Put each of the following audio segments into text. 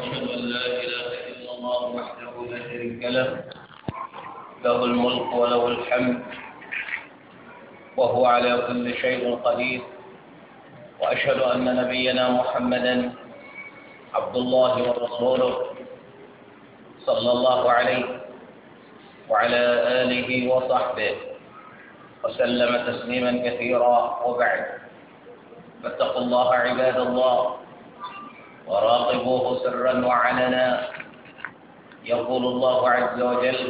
أشهد أن لا إله إلا الله وحده لا شريك له له الملك وله الحمد وهو على كل شيء قدير وأشهد أن نبينا محمدا عبد الله ورسوله صلى الله عليه وعلى آله وصحبه وسلم تسليما كثيرا وبعد فاتقوا الله عباد الله وراقبوه سرا وعلنا يقول الله عز وجل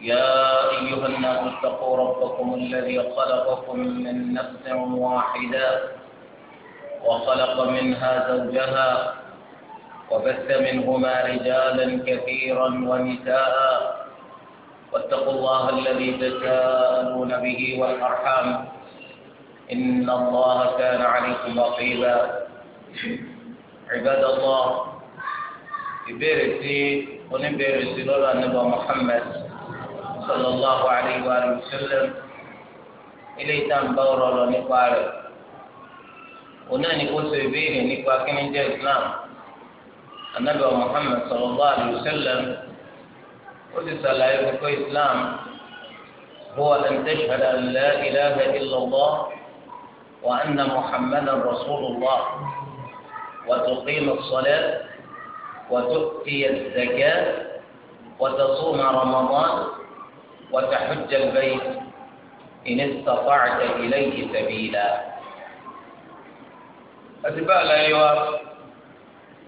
يا أيها الناس اتقوا ربكم الذي خلقكم من نفس واحدة وخلق منها زوجها وبث منهما رجالا كثيرا ونساء واتقوا الله الذي تساءلون به والأرحام إن الله كان عليكم رقيبا Ibadallah ìbéèrè tí oníbéèrè sí lọ́dọ̀ nígbà Muhammad sallallahu alayhi wa sallam ilé ìtàǹbá ọ̀rọ̀ lọ nípa rẹ̀ onáà ní kó so ìbéèrè nípa kíni jẹ́ Islam anabi Muhammad sallallahu alayhi wa sallam ó sì sàlàyé kókó Islam هو أن تشهد أن لا إله إلا الله وأن محمدا رسول الله وتقيم الصلاة وتؤتي الزكاة وتصوم رمضان وتحج البيت إن استطعت إليه سبيلا أتباع الأيوة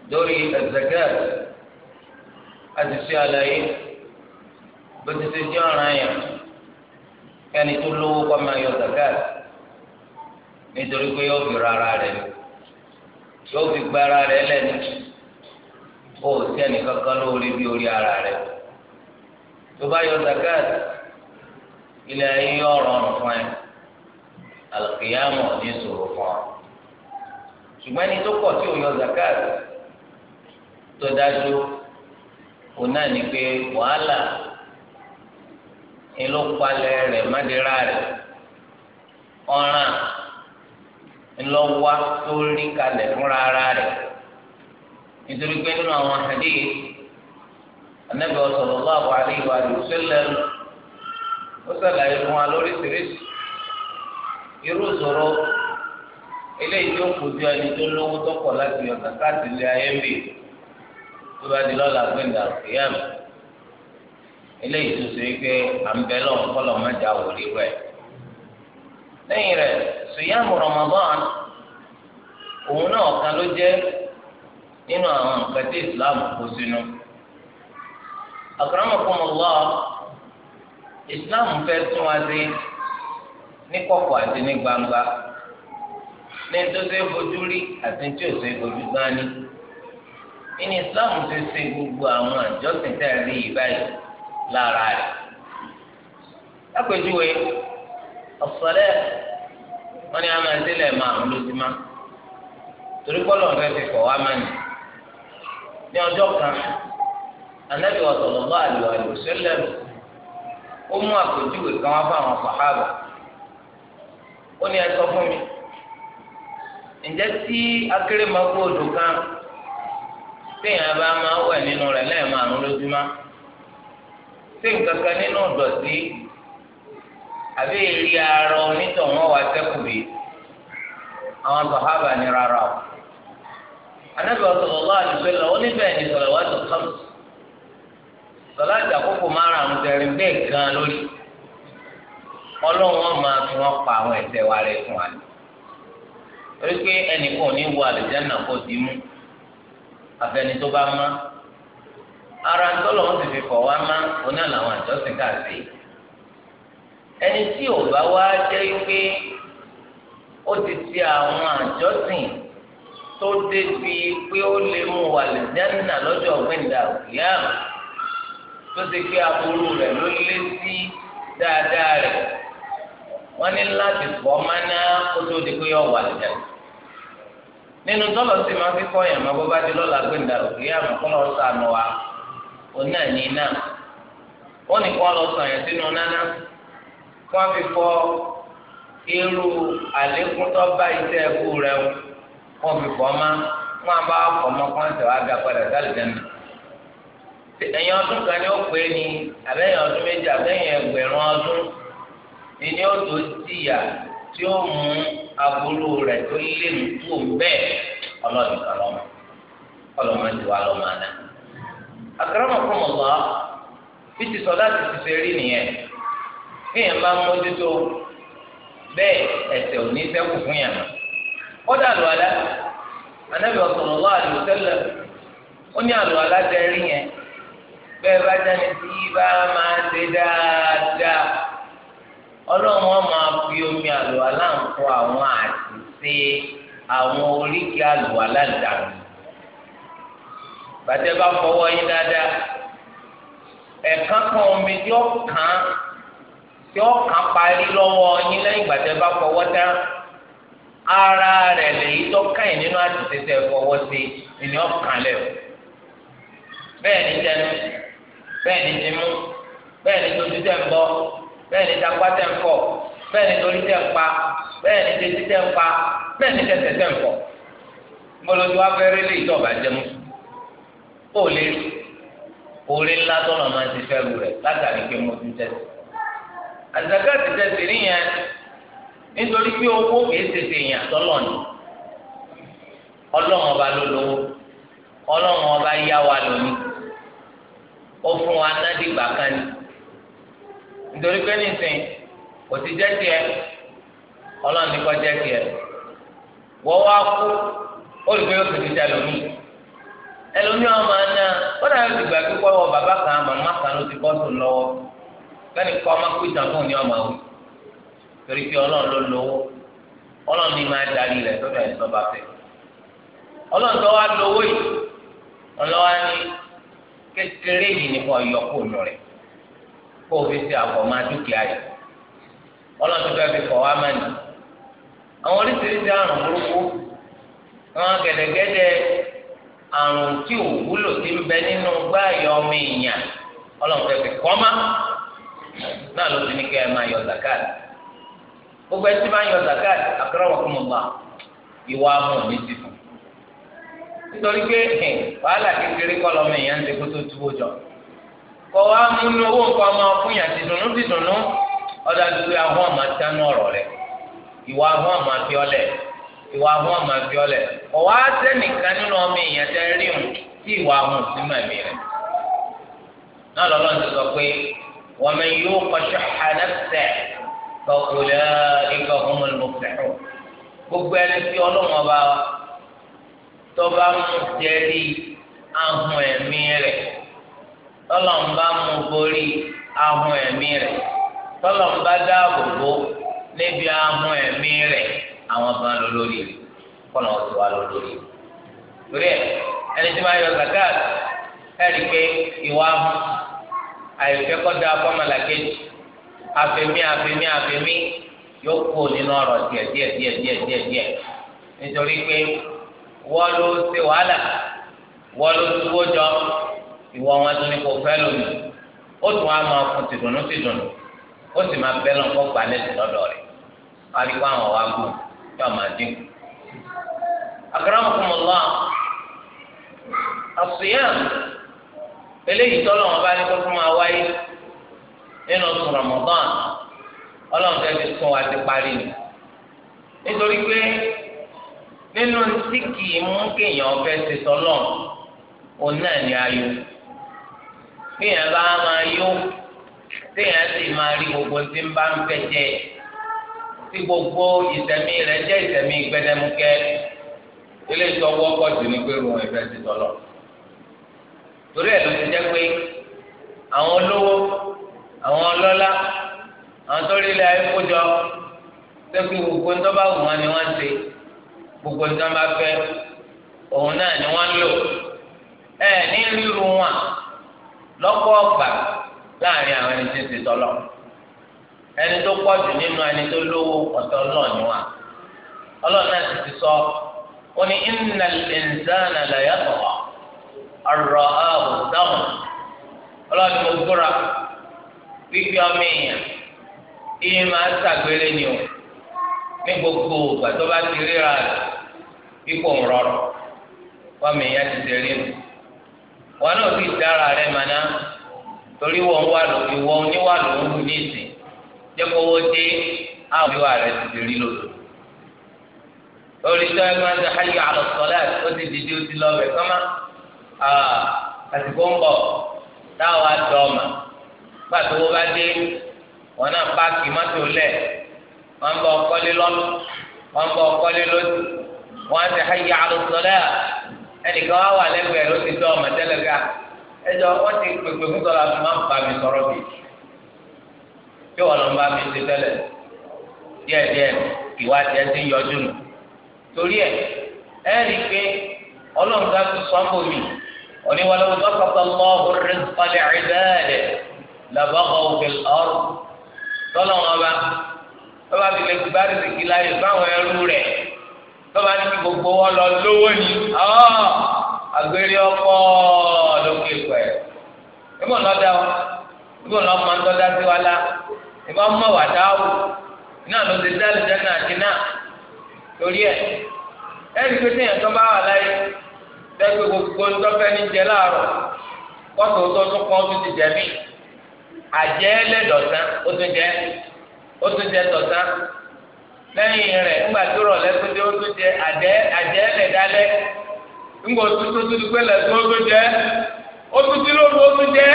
دوري الزكاة أتسيا لأيه بتسجان أيام يعني كان يقول له كما يزكاة نتركه يوفي رارا لأيه yóò fi gba ara rẹ lẹ́nu o ò sí ẹnì kankan lórí bí orí ara rẹ tó bá yọ zakat ilẹ̀ ayé yọ ọ̀rọ̀rùn fún ẹ alùpùpù ní ìṣòro fún ọ ṣùgbọ́n ẹni tó pọ̀ tí ò yọ zakat tó dájú òun náà ní pé wàhálà ńlọpàlẹ̀ rẹ̀ mádìrá rẹ̀ ọ̀ràn ńlọ wá tó rí kalẹ̀ fúnra ara rẹ̀ nítorí pé nínú àwọn hadith Ànábì sallallahu alaihi wa sallam ó sàlàyé fún wa lóríṣiríṣi irú ìṣòro eléyìí tó kojú ẹni tó lówó tó kọ̀ láti yọ kàkàtì lé ayé ń tó bá di lọ́la gbẹ̀ndà òkèèyàn eléyìí tó ṣe é pé à ń bẹ lọ́wọ́ kọ́lọ́ mẹ́ta wò rí rẹ̀. lẹ́yìn rẹ̀ sùyàmù Ramadan òun náà kan ló jẹ́ nínú àwọn nǹkan tí Islam kó sínú. Akramakumullah Islam fẹ́ tún wá sí ní kọ̀kọ̀ àti ní gbangba ní tó ṣe rí àti tí ò Islam ṣe ṣe gbogbo àwọn àjọsìn tẹ̀ rí yìí báyìí lára rẹ̀. lápèjúwe. ọ̀sọ̀lẹ̀ wọn ni a máa délẹ̀ márùn lójúmọ́ torí kọ́lọ̀ rẹ fi kọ̀ wá máa nì ní ọjọ́ kan anabi sallallahu alaihi wasallam ó mú àpèjúwe kan wá fáwọn sàhábà ó ní ẹ sọ fún mi ǹjẹ́ tí akérèmọ́gbó odò kan téèyàn bá máa wẹ̀ nínú rẹ̀ lẹ́ẹ̀márùn lójúmọ́ sí nǹkan kan nínú ìdọ̀tí. àbí èrí ara onítọ̀hún wà sẹ́kù bí àwọn sọ̀hábà ní rárá o. anábì oníbẹ̀ márùn bẹ́ẹ̀ gan lórí ọlọ́run wọn máa fi wọn pa àwọn wa rẹ̀ fún wa ni. torí pé ẹnì ò ní wọ àlùjáná kó di mú àfẹni tó bá má ara ń tọ́lọ̀ wọn sì fi fọ̀ wá má oní àlàwọn ẹni tí ò bá wá jẹ́ pé ó ti ti àwọn àjọsìn tó débi pé ó lè mú wà lè jẹ́nà lọ́jọ́ gbẹ̀ndà òkèèyà tó ti pé aburú rẹ̀ ló lé sí dáadáa rẹ̀ wọ́n ní láti fọ́ máná kó tó di pé ó wà lè fi kọ́ máa bọ́ di lọ́la gbẹ̀ndà sànù wa náà wọ́n ní sàn yẹn sínú náná. wọ́n fi kọ́ irú àlékún tó bá iṣẹ́ nwa rẹ̀ wọ́n fi kọ́ ma wọ́n bá kọ́ mọ́ kọ́ńtẹ̀ wá ga padà sálì dẹ́nu. ọdún kan ó pè é ní ọdún méjì ẹgbẹ̀rún ọdún ni tí ó mú rẹ̀ tó lé nu tó bẹ́ẹ̀ sọ láti ti kéèyàn máa ń mójútó bẹ́ẹ̀ ẹ̀ṣẹ̀ ò ní ṣẹ́kù fún yàrá kódà àlùwàlá anábì sallallahu ó ní àlùwàlá tẹ rí yẹn bẹ́ẹ̀ bá jáde tí máa ṣe dáadáa ọlọ́run máa fi omi àwọn àṣìṣe àwọn oríkì bàtẹ́ bá fọwọ́ yín dáadáa ẹ̀ka kan omi tí ó tí ó kàn parí lọ́wọ́ yín lẹ́yìn ìgbà tẹ́ bá fọwọ́ tán ara rẹ̀ lèyí tó kàn nínú àtìsí tẹ́ fọwọ́ sí ni ó kàn lẹ̀ o bẹ́ẹ̀ ni tẹnu bẹ́ẹ̀ ni tìmú bẹ́ẹ̀ ni tójú tẹ̀ ń bọ́ bẹ́ẹ̀ ni tapá tẹ̀ ń fọ̀ bẹ́ẹ̀ ni torí tẹ̀ ń pa bẹ́ẹ̀ ni tẹ́tí tẹ̀ ń pa bẹ́ẹ̀ ni tẹ̀sẹ̀ tẹ̀ ń fọ̀ mọlọdún wa fẹ́rẹ́ lè tọ́ ọ̀bà jẹun ó lé orí ńlá tọ́nà máa ti fẹ́ lu rẹ̀ látàrí pé mo tún tẹ̀sí. àzàkàtì tẹsí rí yẹn nítorí pé owó kìí tètè yàn tọ́lọ́ọ̀nì ọlọ́run ọba ló lówó ọba yá wa lónìí ó fún wa nádìgbà kan ní nítorí pé kò ti jẹ́ tiẹ̀ ọlọ́run ní kọ́ jẹ́ wọ́n wá kú olùgbé yóò tètè jẹ lónìí ẹlòmíràn máa ná wọ́n náà yóò ti gbà pípọ́ wọ bàbá kan kẹ́ni kọ́ ọmọ kú ìtàn fún ni ọmọ wò torí pé ọlọ́run ló lówó ọlọ́run ní máa darí rẹ̀ lọ́dọ̀ ẹ̀ sọ́ba fẹ́ ọlọ́run tó wá lówó yìí ọlọ́wà kékeré yìí kò nù rẹ̀ kó o fi ṣe àfọ̀mọ́ dúkìá yìí ọlọ́run tó fi wá àwọn oríṣiríṣi àrùn burúkú àwọn gẹ̀dẹ̀gẹ̀dẹ̀ àrùn tí ò náà ló ti ní kẹ́ ẹ máa yọ zakat gbogbo ẹ ti máa yọ zakat akramakumullah ìwà amọ̀ ní ti fún nítorí pé wàhálà kékeré kọ́ lọ́mọ èèyàn ń ṣe tó túwó jọ kọ́ wa múnú owó nǹkan ọmọ fún yàn ti dùnú ti dùnú ọ̀dà ahọ́n àmà ọ̀rọ̀ ìwà ahọ́n àmà fi ìwà ahọ́n àmà fi kọ́ wa nínú ọmọ èèyàn tẹ́ rí òun tí ومن يوق شح نفسه فأولئك هم المفلحون gbogbo ẹni tí ọlọ́wọ́n bá tọ́ba mú jẹ́rí ahun ẹ̀mí rẹ̀ tọ́lọ́n bá mú borí ahun ẹ̀mí rẹ̀ tọ́lọ́n bá dáàbò bò níbi ahun ẹ̀mí rẹ̀ àwọn kan lọ lórí rẹ̀ kọ́nà ó ti wá lọ lórí rẹ̀. torí ẹ ẹni tí máa yọ zakat ẹ̀rí pé ìwà ahun àyẹ̀fẹ́ kọ́ da fọ́mọlàkejì àfẹ́mí àfẹ́mí àfẹ́mí yóò kó nínú ọ̀rọ̀ díẹ̀ díẹ̀ díẹ̀ díẹ̀ díẹ̀ díẹ̀ nítorí pé wọ́n ló ṣe wàhálà wọ́n ló dúró jọ ìwọ wọn tún ní kò fẹ́ lómi ó tún á máa fún tìdùnnú tìdùnnú ó sì máa bẹ́ lọ́nkọ́ gbà lẹ́sìn lọ́dọ̀ rẹ̀ káríkó àwọn wa gùn yóò máa dínkù. akramakumullah as-siyam eléyìí tọ́lọ̀ wọn bá ní kó fún wa wáyé nínú Ramadan ọlọ́run fẹ́ẹ́ fi sún wa ti parí ni nítorí pé nínú tí kì í mú kéèyàn fẹ́ ṣe tọ́lọ̀ òun náà ni ayò kéèyàn bá máa yó téèyàn sì máa rí gbogbo tí ń bá ń fẹ́ jẹ tí gbogbo ìsẹ̀mí rẹ̀ jẹ́ ìsẹ̀mí gbẹdẹmukẹ́ eléyìí tọ́wọ́ pọ̀ jù ní pé òun ẹ̀fẹ́ ṣe tọ́lọ̀. torí ẹ̀ ló ti jẹ́ pé àwọn olówó àwọn ọlọ́lá àwọn tó rí ilẹ̀ ayé kójọ sẹ́kù gbogbo ń tọ́ba wù wọn ni wọ́n ń ṣe gbogbo ń tọ́ba fẹ́ òun náà ni wọ́n ń lò ẹ̀ ní ríru wọn lọ́pọ̀ ọ̀gbà láàrin àwọn ẹni tọ́lọ̀ ẹni tó pọ̀ jù ni náà ti sọ ó ní innal insana ọrọ ààbò dáhùn ọlọ́ọ̀dún mo wípé ọmọ èèyàn iye máa ń ṣàgbélé ni o ní gbogbo ògbà tó bá ti ríra rẹ̀ ipò ń ọmọ èèyàn ti o wọn náà ti dára torí wọn wà ló ìwọ oníwà ló ń dé àwọn ìwà ti lòdò ń àsìkò ń bọ̀ táwa dọ̀ ọ̀mà wo bá dé wọn náà páàkì mọ́tò lẹ̀ wọn bọ̀ ọkọ́lé lọ́nà wọn bọ̀ ọkọ́lé lọ́sì wọn ti hayya ala salat ẹnìkan wá wà lẹ́gbẹ̀ẹ́ ló ti dọ̀ tẹ́lẹ̀ ká ẹjọ́ wọ́n ti pèpè fún máa ń òní wà lọ́wọ́ bákàtà lọ́hùn rẹ́sítọ́lẹ̀ ìbẹ́ẹ̀lẹ̀ làbọ́kọ̀ òfin ọ̀rọ̀ tọ́lọ̀ wọn bá tọ́ba fi lè gba rìsìkì láyè fáwọn ẹrú rẹ̀ tọ́ba ní gbogbo wọn lọ lówó ni ah, àgbèrè ọkọ̀ lókè pẹ̀ ìmọ̀ lọ́dà wọn ìbò lọ máa ń tọ́jà sí wa la ìbá mọ̀ wà dáwò náà ló ti dá lẹ́sẹ̀ náà ti náà torí ẹ̀ ẹ́ rí i pé téèyàn tó bá wà láyé lẹ́gbẹ́ gbogbo ńdọ́fẹ́ ní jẹ láàárọ̀ kọ́tù tó tún kọ́ tún ti jẹ mí àjẹ́ lẹ́dọ̀tán ó tún jẹ ó tún jẹ dọ̀tán lẹ́yìn rẹ̀ ńgbà tó rọ̀ lẹ́tún ó tún jẹ àjẹ́ àjẹ́ lẹ́dálẹ́ ńgbà tó tún tún tún jẹ ó tún tún lóru ó tún jẹ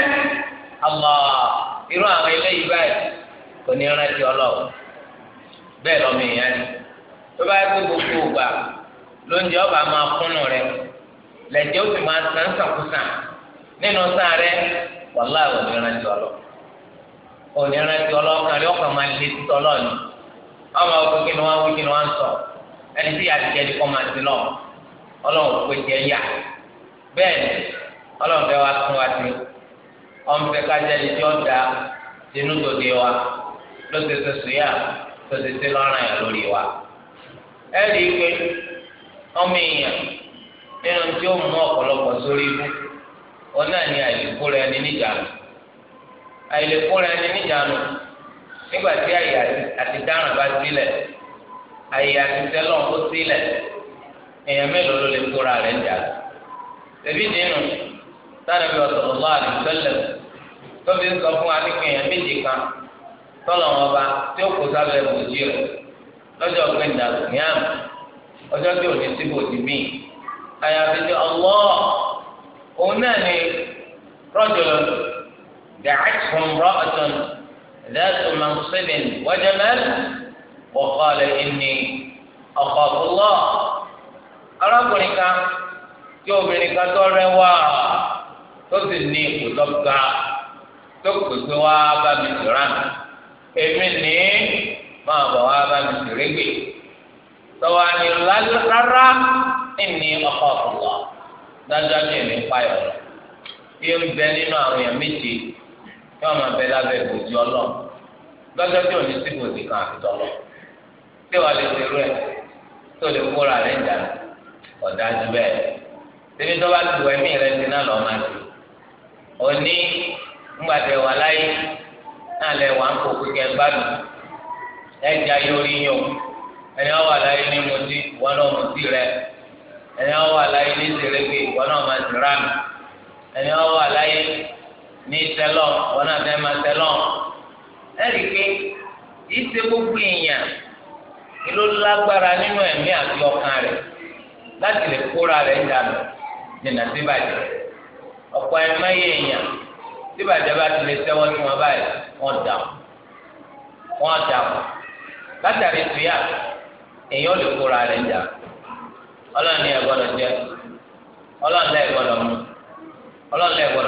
àmọ́ irú àwọn báyìí kò ní rántí ọlọ́wọ́ bẹ́ẹ̀ lọ́mọ ìyá ni tó bá yẹ kó gbogbo ògbà lóúnjẹ lẹ́jẹ̀ ó ma máa tàn sàkúsàn nínú sáà rẹ wàhálà òníranjẹ ọlọ òníranjẹ ọlọ kárí ọkàn máa lé títọ lọ́ọ̀nù ọmọ ma kí wọn wí kí wọn sọ ẹni tí àtijọ́ ẹni kọ́ máa ti lọ ọlọ́run wa ló ti tó nínú tí ó mú ọ̀pọ̀lọpọ̀ sórí ibú wọn náà ní àìlèkóra ẹni níjànú àìlèkóra ẹni níjànú nígbà tí àyè àti dáràn bá sílẹ̀ àyè àti ó sílẹ̀ èèyàn mélòó ló lè kóra rẹ̀ níjànú tẹ̀bí nínú sanabi ọsọlọlọ àdìsẹlẹ tóbi ń sọ fún wa nípa èèyàn méjì kan tọlọ wọn ba tí ó kó sábẹ́ bòjì rẹ̀ lọ́jọ́ gbẹndà gbìyànjú ọjọ́ àyàfi ti Allah òun náà ni rajulun da'athu imra'atun dhatu mansibin wa jamal wa qala inni akhafu Allah arákùnrin kan tí obìnrin kan tó rẹwà tó sì ní ipò tó pèsè wá bá mi sọ̀rọ̀ èmi ní máa bọ̀ wá bá mi sọ̀rọ̀ gbé tọ́wọ́ ni rárá. ẹnì ọkọ ọkọ dájúdájú ẹmí payọ lọ bí ó ń bẹ nínú àwọn èèyàn méje kí wọn máa bẹ tí òní sí kan àti tọlọ tí wàá lè ṣerú ẹ tó lè kóra rẹ jà ọ̀dájú bẹ́ẹ̀ tèmi tó bá tu ẹ̀mí rẹ ti náà lọ máa ti òní ńgbàdẹ wà láyé náà lẹ wà ń kó kékeré gbádùn yóò rí ẹni ẹni wọn wà láyé ní ìsèrègbè wọn náà máa ti ránù ẹni wọn wà ní tẹlọ wọn náà fẹẹ máa tẹlọ ẹrí pé ìṣe gbogbo èèyàn ló lágbára nínú ẹ̀mí àti ọkàn rẹ̀ láti lè kóra dànù ẹmọ yẹ èèyàn bá ti lè tẹwọ sí wọn báyìí wọn wọn látàrí ọlọ́ọ̀ni ẹ̀ gbọ́dọ̀ jẹ ọlọ́ọ̀ni ẹ̀ gbọ́dọ̀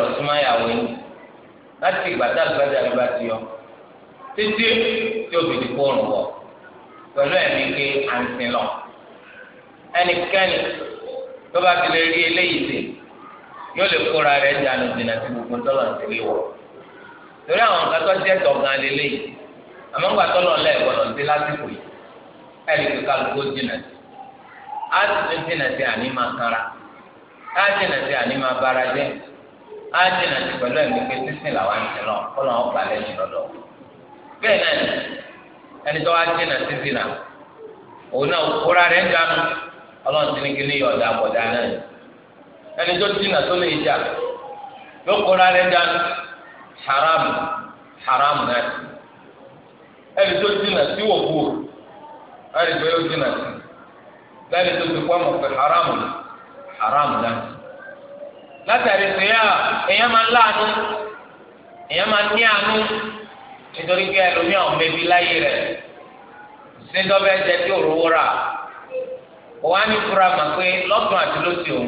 mu súnmọ́ ìyàwó yín láti ìgbà tá àgbàdà mi bá ti yọ títí tí obìnrin kò rùn wọ pẹ̀lú ẹ̀mí pé à ẹnikẹ́ni tó bá ti lè rí eléyìí sè yóò lè kóra rẹ̀ dànù dènà sí gbogbo tọ́lọ̀ ń tẹ̀lé wọ̀ torí àwọn jẹ́ tọ̀gán lélẹ́yìí àmọ́ ńgbà tọ́lọ̀ á tún jìnnà sí àní máa kanra á jìnnà sí àní máa bára jẹ́ á jìnnà sí pé sísìn làwọn ti lọ kó lọ́wọ́ gbà lẹ́yìn náà ẹni tó zina òun náà kóra na ń dànù ti ní kí ní ọ̀dà àbọ̀dá náà ẹni tó jìnnà tó lè jà yóò kóra rẹ̀ ń haramu haramu náà ẹni tó ẹni tó yóò na sáré tó fi pọ́ mọ̀ pé haramu ni haramu náà látàrí sèyá èèyàn máa ń láàánú èèyàn máa ń ní àánú nítorí pé ẹlòmíà láyé rẹ síndọ́bẹ̀ jẹ tí ò rówó rà òwò á ní fura mà pé lọ́tún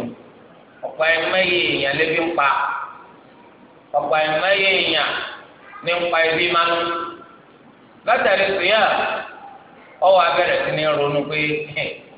ọ̀pọ̀ èèyàn lébi ń ọ̀pọ̀ èèyàn ní ń pa ẹbí máa ń látàrí ọwọ́ abẹ́rẹ́ sí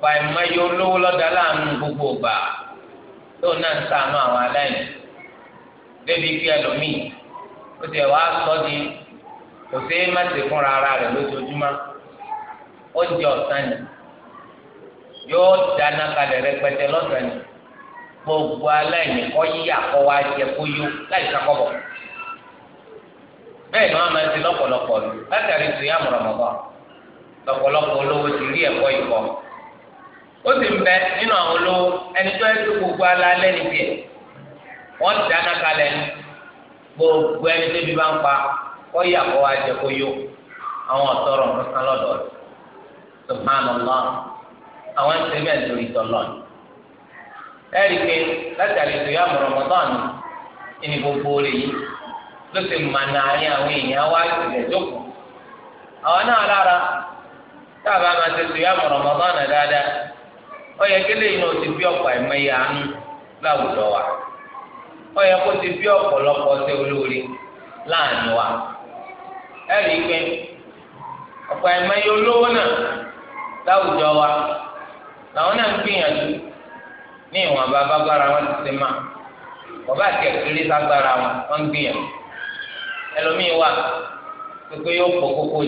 kwa àìmọye olówó lọ́dà láàánú gbogbo ọ̀gbà tóun náà ń sàánú àwọn aláìní débi kí ẹlòmíì ó ti wá sọ di kò sí má ti fúnra ara rẹ̀ lójoojúmọ́ ó jẹ ọ̀sán ni yóò dáná kalẹ̀ rẹpẹtẹ lọ́sàn ni gbogbo aláìní kọ́ yíyà kọ́ wá jẹ kó yó láì bẹ́ẹ̀ ni wọ́n máa ti lọ́pọ̀lọpọ̀ látàrí lọ́pọ̀lọpọ̀ olówó ti ó sì ń bẹ nínú àwọn olówó ẹni tó ẹni tó gbogbo dáná gbogbo ẹni tó bí bá ń pa yà jẹ kó yó àwọn àwọn lórí pé láti àlejò yà gbogbo yìí ló ti àwọn èèyàn wá jókòó ọyẹ kele yìí náà ti bí ọ̀pọ̀ ẹ̀mẹ́yẹ àánú láwùjọ wa ọyẹ kó ti bí ọ̀pọ̀lọpọ̀ ṣe olóore láàánú wa ẹ̀rí pé ọ̀pọ̀ ẹ̀mẹ́yẹ olówó náà láwùjọ wa làwọn náà ń gbìyànjú ní ìwọ̀n wọn ti ṣe má bàbá àti wọn wọn ń gbìyànjú ẹlòmíì wà yóò kókó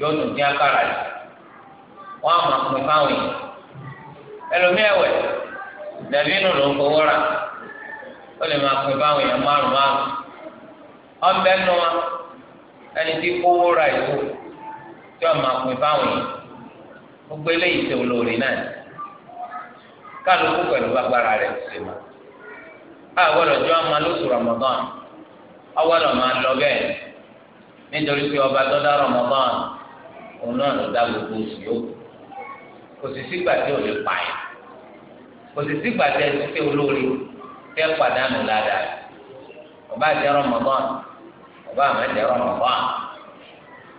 yóò tún dín yìí wọn ẹlòmí ẹ̀wẹ̀ dàbí inú ló ń fowó rà ó lè máa pè báwọn èèyàn márùn márùn ọbẹ̀ nù wọn ẹni tí kówó ra ìwò tí wọn máa pè báwọn èèyàn gbogbo eléyìí tó lóore náà kálukú agbára ọmọ lóṣù lọ nítorí pé ọba tó dá òun náà kò sì sígbà tí ò lè pààyàn kò sì sígbà tí ẹ ti pé olórí tẹ pàdánù ládàá ọba àti Ramadan ọba àmọ́ àti Ramadan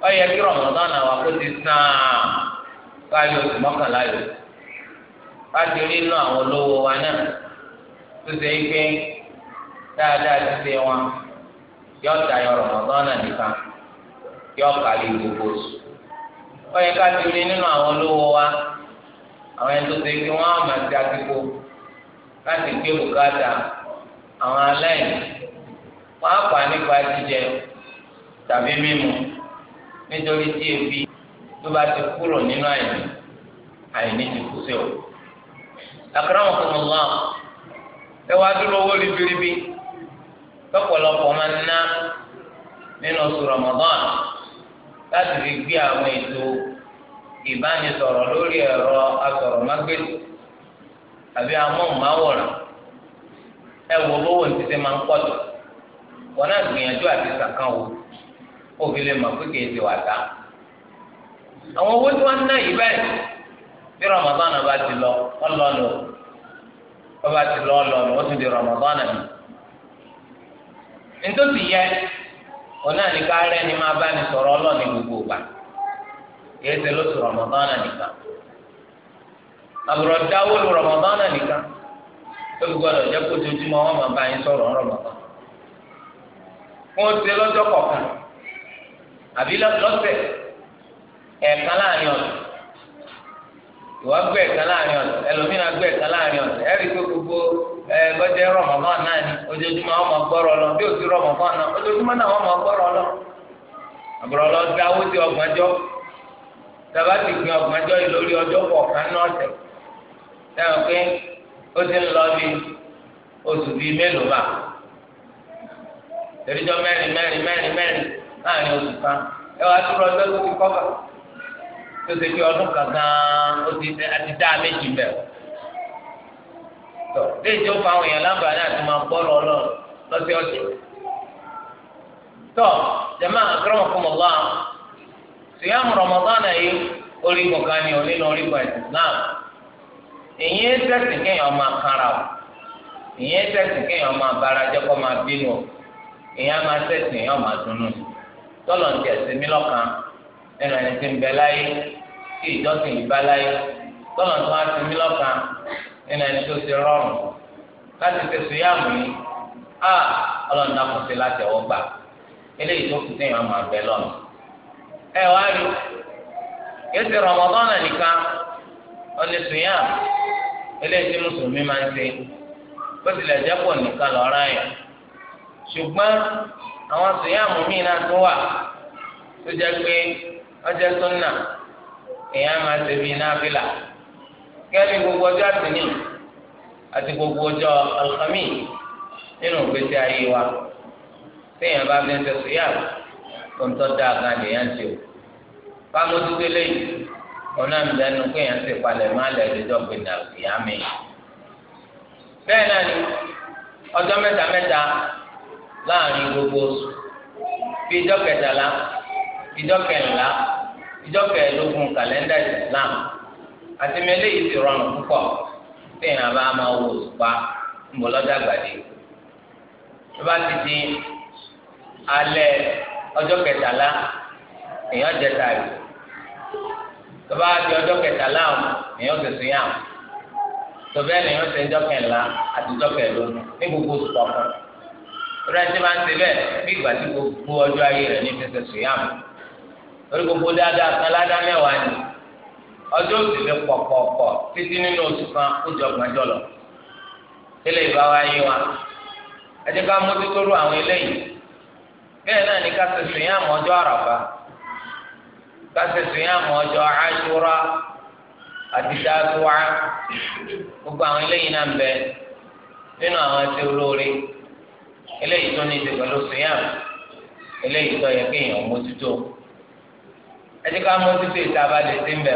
ọyẹ kí Ramadan náà wà kó ti sàn káyọ oṣù mọ́kànlá yòó láti rí inú àwọn olówó wa náà tó ṣe é pé dáadáa ti ṣe wọn yọ tayọ Ramadan náà nìkan yọ kàlí gbogbo oṣù ọyẹ ká ti nínú àwọn olówó wa àwọn ẹni tó ṣe kí wọ́n á máa di akíkó láti gbé bùkátà àwọn aláìní wọ́n á pa nípa jíjẹ tàbí mímu nítorí tí ebi tó bá ti kúrò nínú àìní àìní ti kú sí o. àkàràwọ̀ kan mọ̀ wọ́n ẹ wá dúró owó ribiribi lọ́pọ̀lọpọ̀ máa ń ná nínú oṣù Ramadan láti fi gbé àwọn ètò. ìbánisọ̀rọ̀ lórí ẹ̀rọ asọ̀rọ̀mágbèsì àbí amóhùnmáwòrán ẹ wo bówó ní títí máa ń pọ̀tọ̀ wọn náà gbìyànjú àti sàkán wo òfin lè mọ̀ pé kìí ti wà dá àwọn owó tí wọ́n ń ná yìí bí bá ti lọ ọlọ́nu ọba ti lọ ọlọ́nu ó tún di mi nítorí yẹ ká rẹ́ni máa bá ní sọ̀rọ̀ ọlọ́ni gbogbo gbà. kìí ṣe lóṣù rọmọdánà nìkan àbúrò dáwó lu rọmọdánà nìkan ó fi gbọ́dọ̀ jẹ kó ojoojúmọ́ wọn máa bá yín sọ̀rọ̀ rọmọdán wọn ó ṣe lọ́jọ́ kọ̀ọ̀kan àbí lọ́sẹ̀ ẹ̀ẹ̀kan láàrin ọ̀sẹ̀ ìwà gbé ẹ̀ẹ̀kan láàrin ọ̀sẹ̀ ẹlòmíràn gbé ẹ̀ẹ̀kan láàrin ọ̀sẹ̀ ẹ̀rí pé gbogbo ẹgbẹjẹ rọmọdán náà ni ojoojúmọ́ wọn máa gbọ́rọ̀ lọ bí òsì rọmọdán náà ojoojúmọ́ náà wọn máa gbọ́rọ̀ lọ àbúrò lọ dáwó sí ọgbọ̀njọ́. tàbá ti gbin ọgbọ̀njọ́ yìí lórí ọjọ́ kọ̀ọ̀kan náà tẹ̀ sẹ́wọ̀n pé ó ti ń lọ bí oṣù bíi mélòó bá tẹ̀lẹ́jọ́ mẹ́rin mẹ́rin mẹ́rin mẹ́rin láàrin oṣù kan ẹ wá dúró ọjọ́ tó ti kọ́kà tó ti fi ọdún kan gan-an ó ti àti dá méjì tọ́ fa àwọn èèyàn máa lọ tọ́ sìyàmù rọmọdánà yìí orígun kan ni onínú orígun ẹ̀sìn islam ìyẹn tẹ̀sí kéèyàn máa kára o ìyẹn tẹ̀sí kéèyàn máa bára jẹ́ kó máa bínú o ìyẹn máa tẹ̀sí kéèyàn máa dunnú tọ́lọ̀ ń tẹ̀sí mí lọ́kàn nínú ẹni tí ń bẹ láyé kí ìjọsìn yìí bá láyé tọ́lọ̀ tó wá sí mí lọ́kàn nínú ẹni tó ti rọrùn láti ṣe sùyàmù yìí a ọlọ́run kò sí láti ọwọ́ gbà eléyìí tó kù téèyàn máa bẹ lọ́nà. ẹ wá rí kéésì rọmọdọ́nà nìkan oníṣùyà eléyìí mùsùlùmí máa ń ṣe bó tilẹ̀ jẹ́ pọ̀ nìkan lọ́ra yẹn ṣùgbọ́n àwọn ṣùyà mùmí náà tó wà tó jẹ́ pé ọjọ́ sọ́nà èèyàn máa ṣe bíi náfìlà kẹ́lí gbogbo ọjọ́ àtìní àti gbogbo ọjọ́ alùpàmì nínú ayé wa kọ́ńtọ́ dáa gan lè yàn ṣe o fámójútó lẹ́yìn ọ̀nà ìdánù pé yàn ṣe palẹ̀ má lẹ̀ lọ́jọ́ pé nà ìyá mi. bẹ́ẹ̀ náà ni ọjọ́ mẹ́ta mẹ́ta láàrin gbogbo oṣù kẹtàlá ìjọ kẹrìnlá ìjọ kẹẹ̀ẹ́dógún kàlẹ́ndà Islam àti mẹ́lẹ́ yìí ti rọrùn máa gbàdé. tó ọjọ́ kẹtàlá èèyàn jẹ tààrí tó bá ọjọ́ kẹtàlá èèyàn sèso yàn tó bẹ́ẹ̀ lèèyàn ṣe kẹńlá àti ọjọ́ kẹẹ̀ẹ́dógún ní gbogbo oṣù kọ̀ọ̀kan rẹ ti máa ń ṣe bí ìgbà tí gbogbo ayé ní lórí gbogbo dáadáa ládá ni Ọjọ títí nínú oṣù kan lọ ìbáwá yín wa rú àwọn bẹ́ẹ̀ náà ní ká ṣe ọjọọ ọjọ́ àràfà ká ṣe sùnyàmù ọjọ́ àṣúra àti dáadúrà gbogbo àwọn eléyìí náà ń bẹ nínú àwọn ẹsẹ olóore eléyìí tó ní ti pẹ̀lú sùnyàmù eléyìí tó yẹ kéèyàn mójútó ẹ ká mójútó lè ń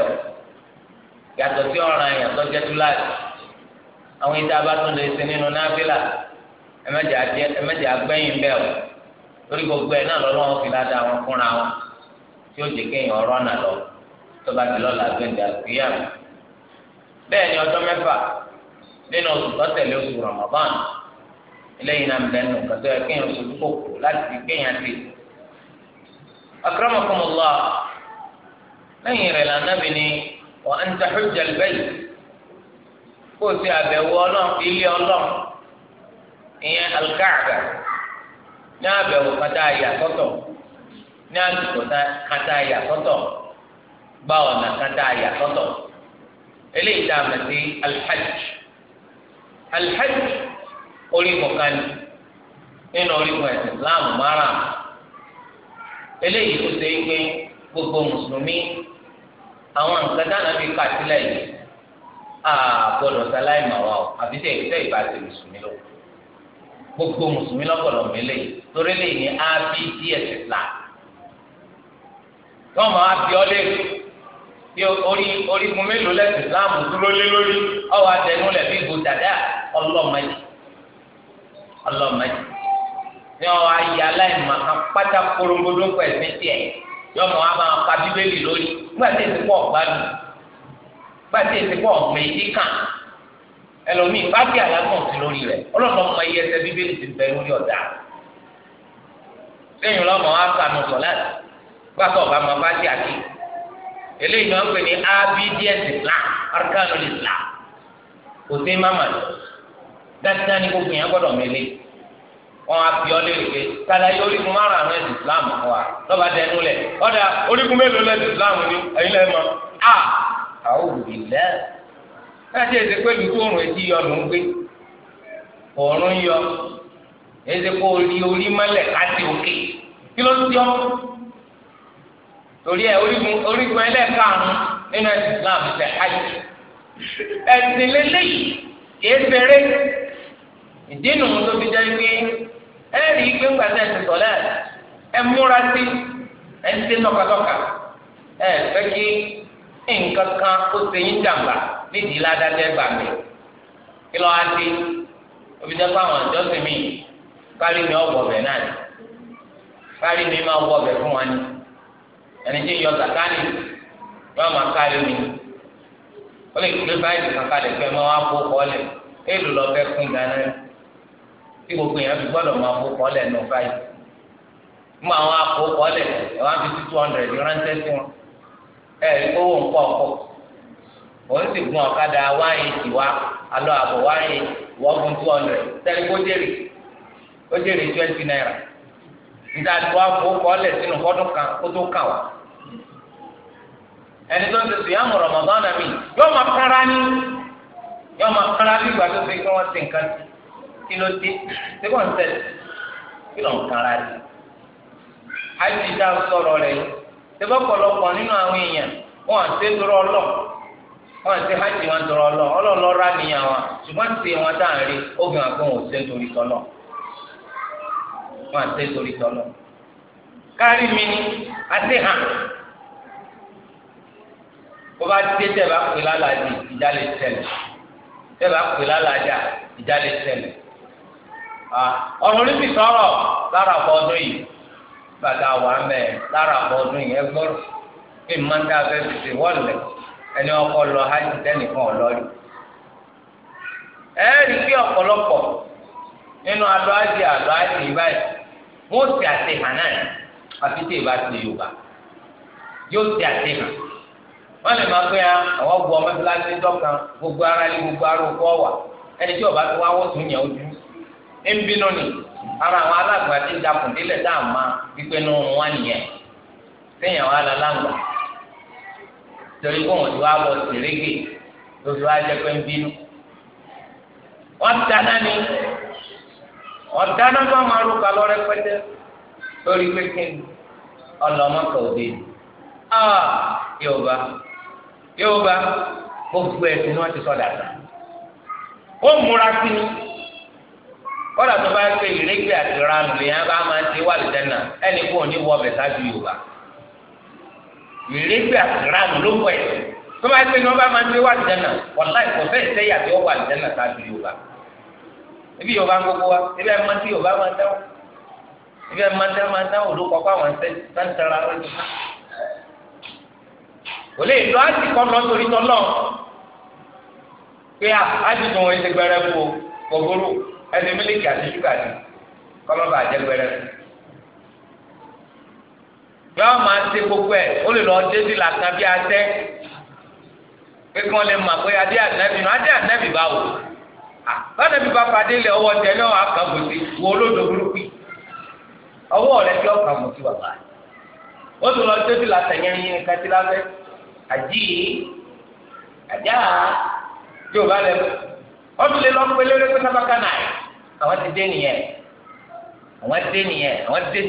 yàtọ̀ sí ọ̀ràn jẹ́ àwọn lè nínú àgbẹ̀yìn lórí gbogbo ẹ̀ náà lọ́nà wọn fi ládàá wọn fúnra wọn tí ó jẹ́ kéèyàn ọ̀rọ̀ náà lọ tó bá ti lọ́la gbẹ̀ndẹ̀ àlùkìyà bẹ́ẹ̀ ni ọjọ́ mẹ́fà nínú oṣù tọ́tẹ̀lé oṣù Ramadan eléyìí náà mẹ́lẹ́ nù kàtó ẹ̀ kéèyàn oṣù tó kù láti fi kéèyàn ti. akramakumullah lẹ́yìn rẹ̀ lànà bí ni wa an tahujja al-bayt kó o ti àbẹ̀wò ilé ọlọ́run ìyẹn al ní àbẹ̀wò kata àyàsọ́tọ̀ ní àsìkò kata àyàsọ́tọ̀ gba ọ̀nà kata àyàsọ́tọ̀ eléyìí tá a mọ̀ sí alhajj alhajj orígun kan nínú orígun ẹ̀sìn Islam mara eléyìí tó ṣe é pé gbogbo mùsùlùmí àwọn nǹkan dáná bíi kàtílẹ̀ yìí àgbọ̀dọ̀ sáláìmọ̀ wa àbí tẹ̀ ìbá ti mùsùlùmí lọ́wọ́. gbogbo mùsùlùmí lọ́pọ̀lọpọ̀ lè torí lè ní abd islam yọọ máa bí ọ orí orígun mélòó lẹ́sìn islam dúró lé lórí ọwọ́ àtẹnulẹ̀ bí ìbò dàda ọlọ́mọdé ọlọ́mọdé ní ọ ayé aláìmọ̀ká pátá korongodo pẹ̀ sí lórí ìsìnkú ìsìnkú ẹlòmíì fábí àlámọ̀ sí lórí rẹ̀ ọlọ́run ọmọ iye ẹsẹ̀ bíbélì ti bẹ lórí ọ̀dà sẹ́yìn lọ́mọ wa kànú sọ̀láàtì gbàtọ̀ ọ̀bá máa bá dí àkè eléyìí ni wọ́n pè ní abds islam arkanu islam kò sí mama lọ dáadáa ní gbogbo yẹn gbọ́dọ̀ mẹ́lẹ́ wọn á fi ọlẹ́ rẹ̀ pé sàlàyé orígun márùn-ún ẹ̀sìn islam fún wa lọ́ba dẹnu lẹ̀ ọ̀dà orígun mélòó lẹ́sìn islam ni ẹ̀yin lẹ́ẹ̀ láti ẹsẹ pé ìlú oòrùn etí yọ ló ń gbé oòrùn yọ ẹsẹ pé orí orí mọ́lẹ̀ àti òkè kí ló ti yọ torí ẹ orígun orígun ẹlẹ́ẹ̀karùn-ún nínú ẹ̀sìn Islam ṣe hajj ẹ̀sìn lélẹ́yìí kìí fẹ́rẹ́ ìdí nu tó fi jẹ́ pé ẹ rí i pé ńgbà tẹ̀sí sọ̀lẹ́ ẹ múra sí ẹ ń ẹ fẹ́ kí nǹkan kan ó ṣe yín nídìí ládàjẹ́ gbà mí kí lọ́wọ́ á omi jẹ́ pé àwọn mi kárí mi ọ̀wọ̀ bẹ̀ náà ni kárí mi máa wọ̀ bẹ̀ fún ni ẹni tí ń yọ zakani yóò máa kárí mi ó lè gbé báyìí kankan fẹ́ máa wá kó kọ́lẹ̀ èlò lọ fún tí gbogbo yẹn fi gbọ́dọ̀ máa kó kọ́lẹ̀ nù báyìí mú àwọn akó kọ́lẹ̀ ẹ̀ wá fi two hundred ránṣẹ́ sí wọn òun sì gun ọ̀kadà one eighty wa alọ àbọ̀ one eighty wọ́gùn two hundred sẹ́ni kó jèrè ó jèrè twenty naira níta tó àpò kọ́lẹ̀ sínú fọ́dún kan kó tó kà wá ẹni tó ń sèso yà mọ̀ mi yóò máa kára ní yóò máa kára bí ìgbà tó fi kí wọ́n ti nǹkan kí ló dé tí wọ́n ń tẹ̀lé kí ló ń kára dé àìsí dá sọ̀rọ̀ rẹ̀ yìí wọn ti hajj wọn tọrọ lọ ọlọlọ ra nìyà wọn ṣùgbọ́n ti wọn tá à ń rí ogun àgbọn ò ṣe torí tọlọ wọn ṣe torí tọlọ kárí mi ni àti hàn bó bá dé tẹ bá pè lálàjì ìjà lè ṣẹlẹ̀ tẹ bá pè lálàjà ìjà lè ṣẹlẹ̀ ọ̀run níbi sọ̀rọ̀ lára àbọ̀ ọdún yìí bàtà wà mẹ́ẹ̀ lára àbọ̀ ọdún yìí ẹgbọ́rọ̀ kí n máa ń dá abẹ́ fi ṣe wọ́ọ̀lẹ̀. ẹni ọkọ lọ hajj tẹnìkan ọlọ́ọ̀lù ẹ rí i pé nínú alọ́ àjì alọ́ àjì báyìí wọ́n ti àti ìbá ti Yorùbá yóò ti àti hàn lè máa ah, àwọn bu ọmọ fúláṣí dọ́kan gbogbo ara ní gbogbo ara òkú ọ̀wà ẹni tí ọba ti wá ojú ń bínú ni ara àwọn alágbàtí délẹ̀ wọn nìyẹn torí kó wọn ti wá lọ sèrègè lóṣù ajẹ́ pé ń bínú. wọ́n dáná ni wọ́n dáná bá máa rú kalọ́ rẹpẹtẹ lórí pé kí ni ọlọ́mọkà òde ni. yorùbá yorùbá gbogbo ẹ̀sìn ni wọ́n ti sọ̀dà tán. ó múra sí ni kọ́dà tó bá ń pè ìrẹ́gbẹ̀ àti ranu lèèyàn bá máa ń ti wà lùdẹ́nà ẹnì kò ní wọ ọbẹ̀ sáájú yorùbá ìrègbè àtìránù ló pọ̀ ẹ̀ tó bá gbé ni wọ́n bá máa ń gbé wà lùdẹ́nà wàlá ìkọ̀ fẹ́ẹ̀ sẹ́yà tí ó wà lùdẹ́nà káàdì yorùbá ibi yorùbá ń gbogbo wa ibi ẹ̀ máa ń tí yorùbá máa ń dáwọ́ ibi ẹ̀ máa ń dáwọ́ máa ń dáwọ́ olùkọ́ kó àwọn ẹ̀sẹ̀ sáńtara rẹ̀ tó náà kò lè lọ àti kọ́ lọ torí tọ́ lọ pé a ah, àti tó wọn ẹsẹ̀ gbẹrẹ fún o kò ẹsẹ̀ mílíkì àti ṣúgà ni kọ́ yọ máa ṣe gbogbo ẹ̀ ó lè lọ dé bí làkàn bí atẹ́ pé kí wọ́n lè mọ̀ pé adé ànábì nù adé ànábì bá wò lọ́dọ̀ bí bàbá dé lẹ̀ ọwọ́ tẹ̀ náà wò burúkú ọwọ́ rẹ̀ fi ó lọ dé yẹn lábẹ́ àjí àjá bá lè lọ pé sábà àwọn ti dé nìyẹn àwọn ti dé nìyẹn àwọn ti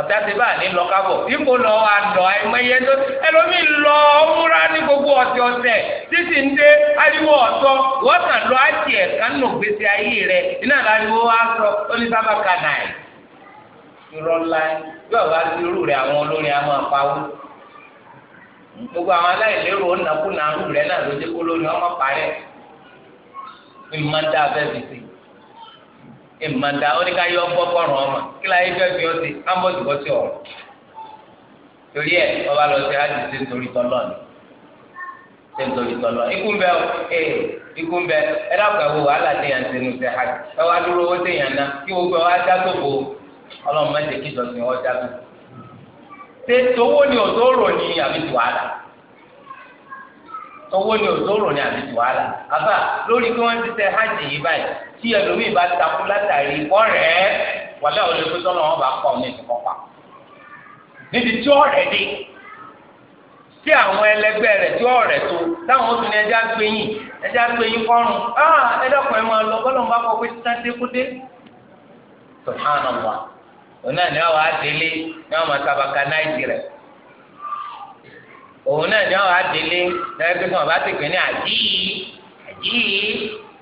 ọ̀tá ti bá ní lọ kábọ̀ ipò lọ àdọ̀ ẹ̀mẹ́yẹ tó ẹlòmíì lọ múra ní gbogbo ọ̀sẹ̀ ọ̀sẹ̀ títí ń dé ariwo ọ̀tọ̀ wọ́n kàn lọ àti ẹ̀ kánú gbèsè ayé rẹ̀ iná ariwo wa sọ oníbàbà kànáà ẹ̀. irọ́ ńlá yóò wá sí irú rẹ̀ àwọn olórin àwọn àpawó. gbogbo àwọn aláìlérò ònàkúnà rú rẹ̀ náà ló dé kó lónìí ọmọ parẹ́ ìmọ̀ dá abẹ́ bìtì. ìmọ̀ta oníkayọ̀ gbọ́kọ̀rọ̀ ọmọ kí láyé fẹ́ fi ọtí ámbọ̀sibọ́sí ọ̀rọ̀ torí ẹ̀ ọba lọ sí hajj ṣe nítorí tọ́lọ́ ni ṣe nítorí tọ́lọ́ ikú ń bẹ ọ ee ikú ń bẹ ẹ dàpọ̀ ẹ̀wọ̀ wàhálà téèyàn ṣe ṣe hajj ẹ wá dúró owó téèyàn ná kí gbogbo ẹ já tó ọlọ́run má kí ìjọsìn já tó. tówó ni ni àbí tùwàlà ni ni àbí tùwàlà tí ẹlòmíì bá takú látàrí ọ̀rẹ́ wàlẹ́ òde tó tọ́lọ́ wọn bá kọ́ ní ìfọ̀kọ́ pa níbi tí ọ̀rẹ́ dé tí àwọn ẹlẹgbẹ́ rẹ̀ tí ọ̀rẹ́ tó táwọn oṣù ní ẹja gbé yín ẹja gbé yín kọ́rùn áà ẹ̀dọ́kùn máa lọ bọ́lọ̀ ń bá kọ́ pé títà dékúdé subhanallah òun náà ní àwọn adélé ní àwọn àtàbàkà náìjì rẹ̀ òun náà ní àwọn adélé lẹ́yìn pé sọ̀rọ̀ bá ti pè ní àjíì àjíì.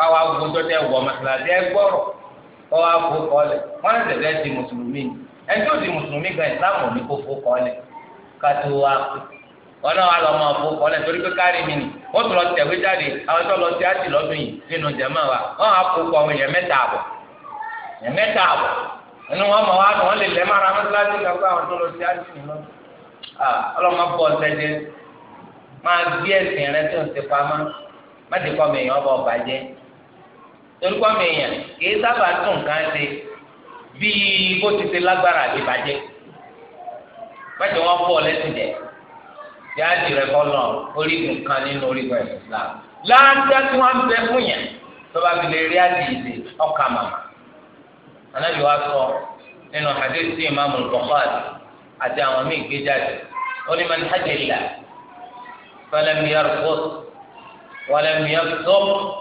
káwá gbọ́dọ̀ tẹ wọ mọ́sálásí ẹ gbọ́rọ̀ kọ́wá fò kọ́lẹ̀ wọ́n lè tẹ̀lé ti mùsùlùmí ni ẹjọ́ ti mùsùlùmí gan ìsìlámù ní kó fò kọ́lẹ̀ kátó wa wọn náà wà lọ máa fò kọ́lẹ̀ torí pé kárí mi ni wọ́n tún lọ tẹ̀wé jáde àwọn tó lọ sí àti lọ́dún yìí nínú jẹ̀mọ́ wa wọ́n á fò kọ́ yẹn mẹ́ta àbọ̀ yẹn mẹ́ta àbọ̀ inú wọn mọ̀ wá nù wọ́n lè lẹ́ mára mọ́sálásí kan pé àwọn tó lọ sí àti lọ́dún ọlọ́mọ bọ̀ ọ̀sẹ̀ máa gbé ẹ̀sìn rẹ tó ń ṣe pamọ́ má ti kọ́ mi èèyàn ọba torí kọ́ mi yàn kìí sábà tún nǹkan ṣe bíi bó ti ṣe lágbára àti ìbàjẹ́ pẹ́ẹ́tì wọ́n fọ́ lẹ́sìn jẹ́ yáàdì rẹ̀ kọ́ lọ orígun kan nínú orígun ẹ̀sìn Islam láńdá tí wọ́n ń bẹ fún yàn tọ́ba fi lè rí àdìyẹ ọkà màmá anábì wa sọ nínú hadith sí imaamu Bukhari àti àwọn míì gbé jáde ó ní man hajj ilà falam yarfut walam yafsuq.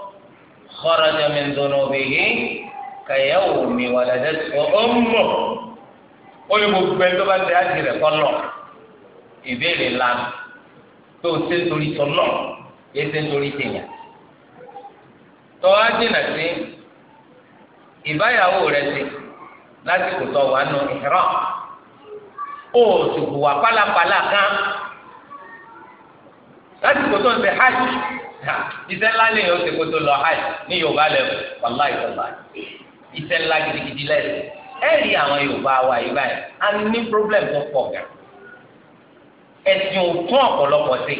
خرج من ذنوبه كيوم ولدته أمه ó ní gbogbo ẹni tó bá ti ájì rẹ̀ kọ́lọ̀ ìbéèrè la tó ṣe ń torí tọ́lọ̀ yé ṣe ń torí tèèyàn tọ́ ájìnà sí ìbáyàwó rẹ̀ sí lásìkò tó wà nù ìhìrọ̀ ó sì hùwà pálapàla kan lásìkò tó ń ṣe hajj iṣẹ́ ńlá lè yọ ṣe kó tó lọ hajj ní yorùbá lẹ́wọ̀ wàlá ìtọ́lá iṣẹ́ ńlá gidigidi lẹ́sìn ẹ rí àwọn yorùbá wa yìí báyìí a ní problem tó pọ̀ gan ẹ̀sìn ò fún ọ̀pọ̀lọpọ̀ sí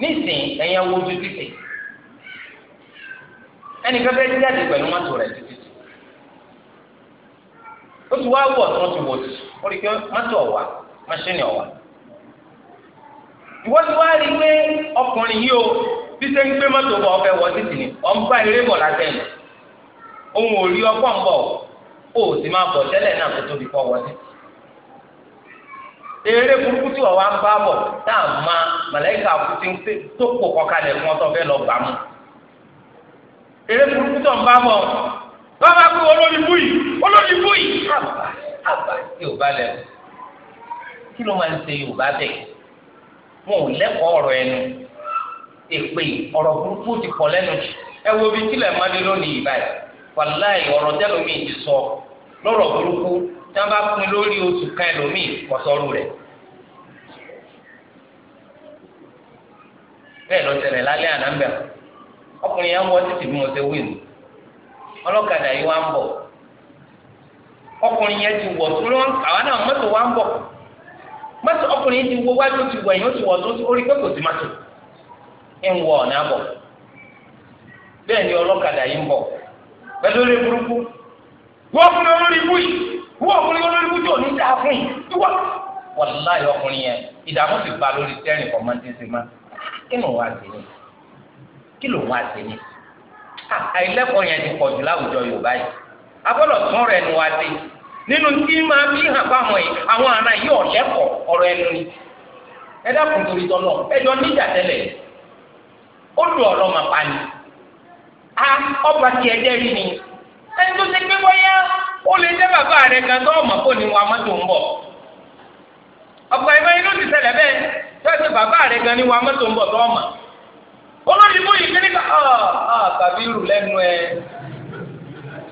nísìnyí ẹ̀yẹ wojú títì ẹnìkan fẹ́ jáde pẹ̀lú mọ́tò rẹ̀ títì ó ti wá wọ̀ tó ti wọ̀ tù ó rí i pé mọ́tò ọ̀wà máṣíìnì ọ̀wà ìwọ ti wá rí i pé ọkùnrin yìí o bí ṣe ń gbé mọ́tò bọ̀ ọ̀fẹ́ wọ títì ni ọ̀n bá eré bọ̀ látẹ̀yìn òun ò rí ọgbọ́n bọ̀ o ò sì máa bọ̀ tẹ́lẹ̀ náà tó tóbi kọ́ wọlé eré burúkú tí wọ́n wá ń bá bọ̀ tá a ma màlẹ́kà kú ti ń pè tó kò kọ́kalẹ̀ fún ọtọ́ fẹ́ lọ gbà mú eré burúkú tó ń bá bọ̀ bàbá pé olórí búyì olórí búyì àbá àbá mo ò lẹ́kọ̀ọ́ ọ̀rọ̀ ẹnu èpè ọ̀rọ̀ burúkú ti pọ̀ lẹ́nu jù ẹ wo bí kílẹ̀ máa dé lónìí ìbáyìí wàláì ọ̀rọ̀ tẹ́lómi ti sọ lọ́rọ̀ burúkú tí wọ́n bá lórí oṣù kan ẹlòmíì kọ̀ rẹ̀. mọ́tò ọkùnrin ti wo wájú ti wẹ̀yìn ó ti wọ̀ tó orí pé kò sí mọ́tò ń wọ ọ̀nà bọ̀ bẹ́ẹ̀ ni ọlọ́kadà yìí ń bọ̀ pẹ̀lú orí burúkú wọ́n fún mi olórí ibú yìí wọ́n fún mi olórí ibú yìí ò ní dáa fún yìí wọ́ wàláyé ọkùnrin yẹn ìdààmú ti ba lórí tẹ́rìn kọ́mọ́tẹ́sẹ̀ má kí ló wá sí ni kí ló wá sí ni àìlẹ́kọ̀ọ́ yẹn ti pọ̀ jù láwùjọ Yorùbá yìí abọ́dọ̀ tún rẹ̀ nu wá sí i. nínú tí máa fi hàn fáwọn yìí àwọn ará yìí ọ̀rọ̀ ẹnu ni ẹ dákun torí tọ́lọ̀ ẹ jọ níjà tẹ́lẹ̀ ó ọ̀rọ̀ pa ni a ọba tí ẹ jẹ́ rí ni tó ti gbé bọ́yá ó lè jẹ́ bàbá rẹ̀ kan tó ọmọ kò ní wa mọ́tò ń bọ̀ ọ̀pọ̀ ìgbà inú ti ṣẹlẹ̀ bẹ́ẹ̀ tó ti bàbá kan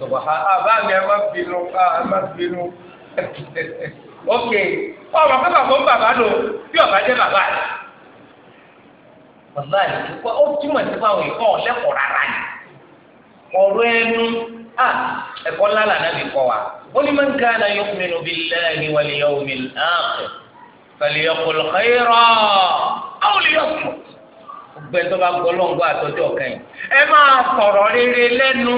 sọ̀bàhá àbá mi ẹ má bínú ah, ẹ má bínú. ok ọmọ pé bàbá ń bàbá lò bí ọba jẹ bàbá rẹ. bàbá rẹ ó túmọ̀ sí fáwọn ẹ̀kọ́ ọ̀lẹ́kọ̀ọ́ rárá ni ọ̀rọ̀ ẹnu à ah, ẹ̀kọ́ lálà náà fi kọ́ wa ó ní man kana yu'minu billahi wal yawmil akhir falyaqul khayran aw liyasmut gbẹ tó bá gbọ́ lọ́ngbọ́ àtọ́jú ọ̀kan yìí. ẹ máa sọ̀rọ̀ rere lẹ́nu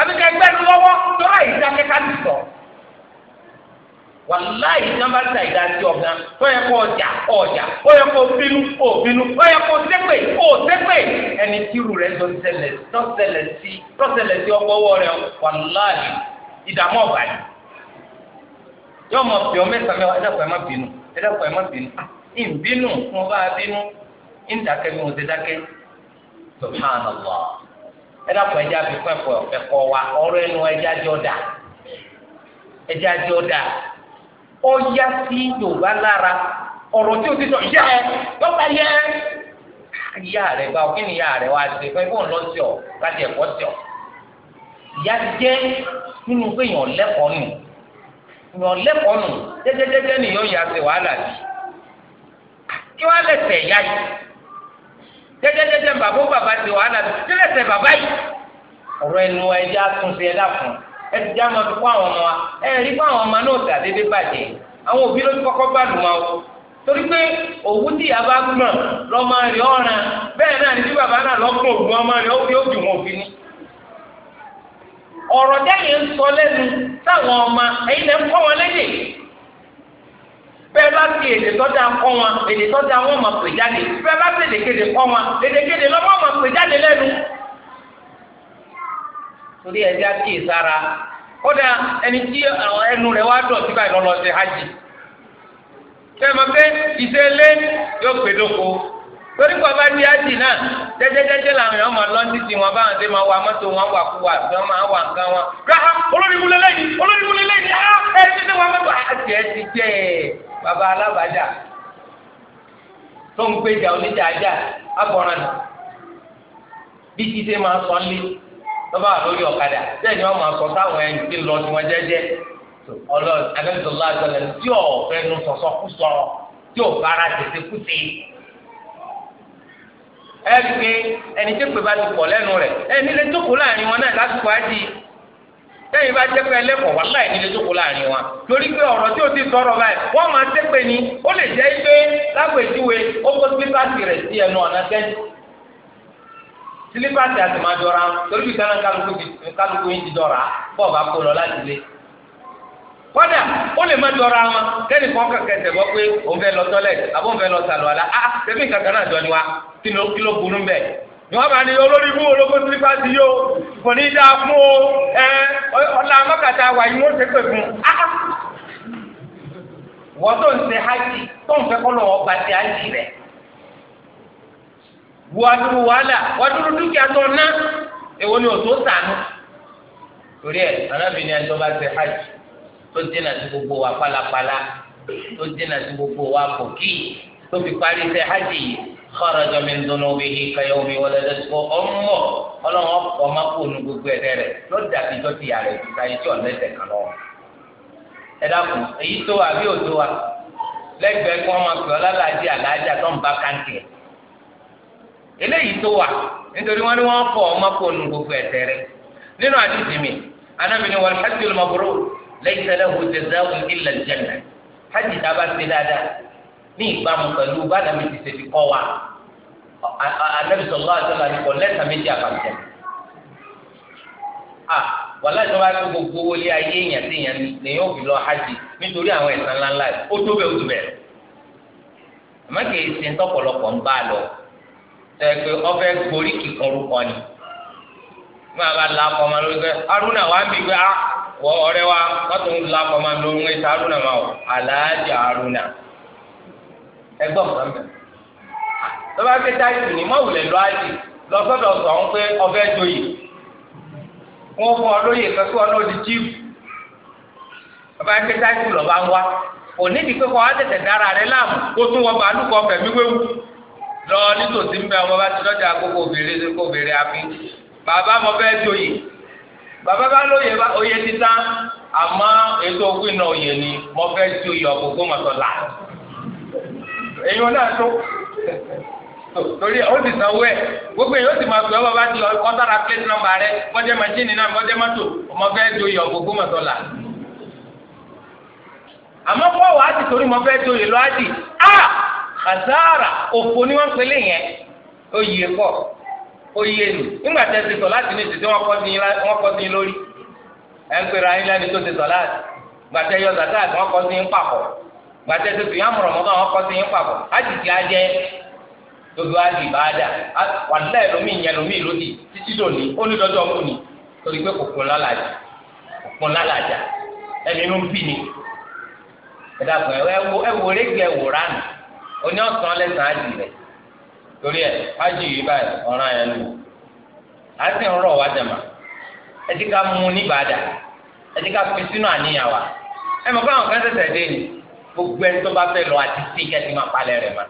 àbíkẹ́ gbẹ́nu lọ́wọ́ tó láì dákẹ́ ká ti sọ. wàláì nàmbá ta ìdá sí ọ̀gán ó yẹ kó ọjà ọjà ó yẹ kó bínú ó bínú ó yẹ kó sẹ́pẹ̀ ó sẹ́pẹ̀ ẹni tírù rẹ̀ tọ́sẹ̀lẹ̀ sí tọ́sẹ̀lẹ̀ sí ọgbọ́wọ́ rẹ̀ wàláì ìdààmú ọ̀bàdì yọ̀ọ́ mọ̀ pé ọ mẹ́sàn-án ẹ dàpọ̀ ẹ má bínú ẹ dàpọ̀ ẹ má bínú ń dákẹ́ bí mo ti dákẹ́ subhanallah ẹ dàpọ̀ ẹja fi kún ẹ̀kọ́ ẹ̀kọ́ wa ọ̀rọ̀ ẹnu ẹja jọ dà ẹja jọ dà ọ sí yorùbá lára ọ̀rọ̀ tí o ti sọ yá ẹ lọ́pàá yẹ ni ṣe sí ọ láti sí ọ nínú pé nù nù wàhálà kí wàá yá yìí. jẹ́jẹ́jẹ́jẹ́ bàbá ó bàbá ti wàhálà tó tẹ́lẹ̀ tẹ bàbá yìí. ọ̀rọ̀ ẹnu wa ẹja túnṣe ẹ̀dá fún ẹ ti já máa fi kó àwọn ọmọ wa ẹ rí fún àwọn ọmọ náà tà déédéé bàjẹ́ àwọn òbí ló ti kọ́kọ́ bá dùn wọn o torí pé òwú tí a bá gbọ̀n lọ́mọ rẹ̀ ọ̀ràn bẹ́ẹ̀ náà ni bí bàbá náà lọ́gbọ̀n òògùn ọmọ rẹ̀ ó fi ó dùn wọn òfin ni ọ̀rọ̀ jẹ́yìn ń sọ lẹ́nu táwọn ọmọ ẹ̀yin lẹ́ ń kọ́ wọn lédè bẹ́ẹ̀ bá fi èdè tọ́jà kọ́ wọn èdè tọ́jà wọn máa pè jáde bẹ́ẹ̀ bá fi èdèkéde kọ́ wọn èdèkéde lọ́wọ́ máa pè jáde lẹ́nu. torí ẹja kì í sára kódà ẹni tí ẹnu rẹ̀ wá dọ̀ síbà lọ́lọ́ ṣe hajj. sẹ́ẹ̀ mọ̀ pé ìṣe lé yóò pè dóko torí kò bá di ájì náà jẹjẹjẹjẹ làwọn èèyàn máa lọ títì wọn báwọn ṣe máa wa mọ́tò wọn wà kú wa tí wọn máa wà nǹkan wọn. rárá ha lẹ́yìn olóríwúlé lẹ́yìn á ẹ ti ṣe wọn mọ́tò àti ẹ jẹ ẹ bàbá alábàjá tó ń gbèjà oníjà agbọràn nà bí kí ṣe máa sọ nílé lọ́ba lórí ọ̀kadà bẹ́ẹ̀ ni wọ́n máa sọ sáwọn ẹni tí lọ jẹ́jẹ́ ọlọ́run ẹni pé ẹni tí pè bá ti pọ̀ lẹ́nu rẹ̀ ẹni lè jókòó láàrin wọn náà lásìkò ájì tẹ́yìn bá jẹ́ pé ẹlẹ́kọ̀ọ́ wà láì nílé jókòó láàrin wa torí pé ọ̀rọ̀ tí o ti sọ̀rọ̀ báyìí wọ́n máa tẹ́ pé ni ó lè jẹ́ pé lágbèjúwe ó kó sílípàsì rẹ̀ sí ẹnu ọ̀nà tẹ́jú sílípàsì àti máa dọ́ra torí pé kálukú yín ti dọ́ra bọ́ọ̀ bá kó lọ láti lé kọ́dà ó lè má jọra wọn kẹ́ni kan kẹ̀kẹ́ bọ́ pé òun fẹ́ lọ tọ́lẹ̀ àbọ̀ òun fẹ́ lọ sàlọ̀ àlá á tẹ̀mí kankan náà jọ ni wa kí ló ni bá ní olórí olóko kò ní dáa fún o ẹ mọ́kàtà wà wọ́n pè fún ah, ah. wọ́n tó ń ṣe hajj tó ń gba ti hajj rẹ̀ dúró wàhálà dúró dúkìá tó ni tó dínà sí gbogbo wa pálapàla tó dínà sí gbogbo wa kòkì tó fi parí iṣẹ́ hajj yìí kharaja min dunubihi kayawmi waladathu ummuh ọlọ́run ọkọ̀ máa kó nu gbogbo ẹ̀dẹ́ rẹ̀ ló dàbí tó ti yàrá ìtura yìí tí ọ̀lẹ́dẹ̀ kan lọ. ẹ dákun èyí tó wa bí òtó wa lẹ́gbẹ̀ẹ́ kí wọ́n máa pè ọ́ lálàájì àlàájì kàǹtì ẹ̀. eléyìí tó wa nítorí wọ́n ní wọ́n kọ̀ ọmọ kó gbogbo ẹ̀dẹ́ rẹ̀ nínú àdìsí mi anábìnrin wal hajjul mabrur lẹ́yìn tẹ́lẹ̀ wo jẹ̀dáwó ilẹ̀ jẹ̀nà hajj tá a bá ṣe dáadáa ní ìbámu pẹ̀lú bánàmì ti ṣe fi kọ́ wa anabi sọ̀rọ̀ láti ọ̀la ní kọ́ lẹ́tà méjì àbàjẹ́ a wàhálà tí wọ́n bá tó gbogbo wọlé ayé èèyàn sí èèyàn lèyìn òbí lọ hajj nítorí àwọn ẹ̀san ńláńlá yìí ó tó bẹ̀ ó tó bẹ̀ àmọ́ kì í ṣe ńtọ́pọ̀lọpọ̀ ń bá a lọ tẹ́ pé ọbẹ̀ gborí kíkan orúkọ ni wọ́n bá la ọmọ lórí pé Haruna wà á bì pé a. wọ ọ̀rẹ́ wa kọtù ń la kọmá lóhun ẹsẹ arúnà máa wọ aláàjì arúnà ẹgbọn kan bẹ lọba gbé táyìtì ní lọ àjì lọ sọ ń pé ọbẹ joyè wọn fún ọ kẹkẹ ọ di jíìpù lọba lọba ń wá onídìí pé wá dára rẹ láàmú kó tún wéwu lọ nítòsí ń bẹ ọmọ bá ti lọ́jà obìnrin obìnrin àfi bàbá fẹ́ joyè. bàbá bá lóye bá oyè títa àmọ́ ètò ògùn náà oyè ni mo fẹ́ ju iyọ̀ gbogbo mọ̀tọ́ là èyí wọn náà tó torí ó ti sanwó ẹ gbogbo èyí ó ti máa pè ọ́ bàbá ti ọ̀tàrà plate number rẹ bọ́jẹ́ machine náà bọ́jẹ́ mọ́tò mo fẹ́ ju iyọ̀ gbogbo mọ̀tọ́ là àmọ́ fọwọ́ àti torí mo fẹ́ ju oyè lọ́wọ́ àti a ah! kàzára òfò ni wọ́n ń yẹn oyè pọ̀. oyè nù nígbà tẹ ti sọ láti ní ìtìtì wọn kọ́ sí lórí ẹ ń pèrè ayé lẹ́ni tó ti sọ láti gbàtẹ yọ zàtà àti wọn kọ́ sí ń papọ̀ gbàtẹ tó fi yàmùrọ̀ mọ́tò wọn kọ́ sí ń papọ̀ àjìjì ajẹ́ gbogbo àjì bá dà wàlúùdà ẹlòmí ìyẹn lòmí lòdì títí ni torí pé kò kún lálàjà kò kún torí ẹ hajj yìí báyìí ọ̀ràn yẹn lò á sì ń rọ̀ wá jẹ̀mà ẹ ti ká mú níbàdà ẹ ti ká fi sínú àníyàn wa ẹ mọ̀ pé kan ṣẹ̀ṣẹ̀ dé ni gbogbo ẹni tó bá fẹ́ lọ àti sí máa palẹ̀ rẹ̀ ma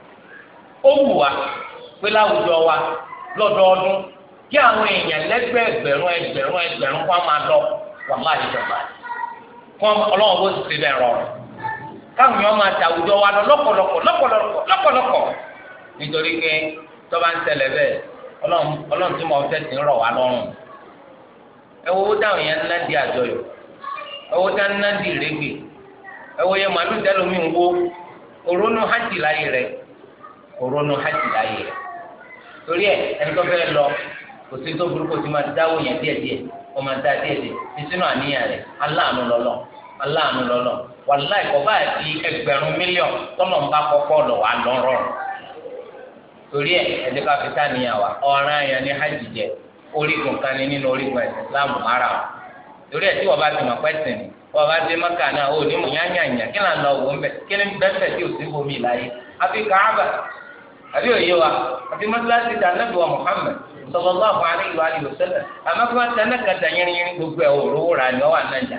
ó wù wá pé láwùjọ wa lọ́dọọdún kí àwọn èèyàn ẹgbẹ̀rún ẹgbẹ̀rún ẹgbẹ̀rún kó a máa wà má kó ọlọ́run bó ti ṣe bẹ́ẹ̀ rọrùn káwọn máa nítorí pé tọ́ba ń tẹ̀lẹ̀ bẹ́ẹ̀ ọlọ́run tí mo fẹ́ ti ń rọ̀ wá lọ́rùn owó yẹn ń di àjọyọ̀ ẹ wo ń ná di ìrégbè yẹn màálù tẹ́lómi ń wo òrónú láyé rẹ torí ẹ lọ kò sí tó burúkú tí máa dáwọ́ yẹn díẹ̀díẹ̀ máa dá díẹ̀díẹ̀ sínú àníyàn rẹ aláàánú lọ́lọ́ aláàánú lọ́lọ́ ẹgbẹ̀rún mílíọ̀n tọ́lọ̀ ń bá torí ẹ ẹdí ká fi sáníyàn wá ọ̀ràn yẹn ní hajj jẹ orígun kan ní nínú orígun ẹ̀sìn islamu mara o torí ẹ tí wọ́n bá ti mọ̀ pẹ́sìn ni wọ́n bá dé mọ́kà náà ó ní mọ̀ yányányá kí náà lọ wò ń bẹ̀ kí ni bẹ́sẹ̀ tí ò sí bomi láyé àfi káábà àbí òye wa àfi mọ́sálásí ta nàbì wa Muhammad sallallahu alaihi wa alihi wasallam àmọ́ kí wọ́n tẹ́ náà kàtà yẹnyẹn gbogbo ẹ̀ òru wúrà ni ọ wà nàìjà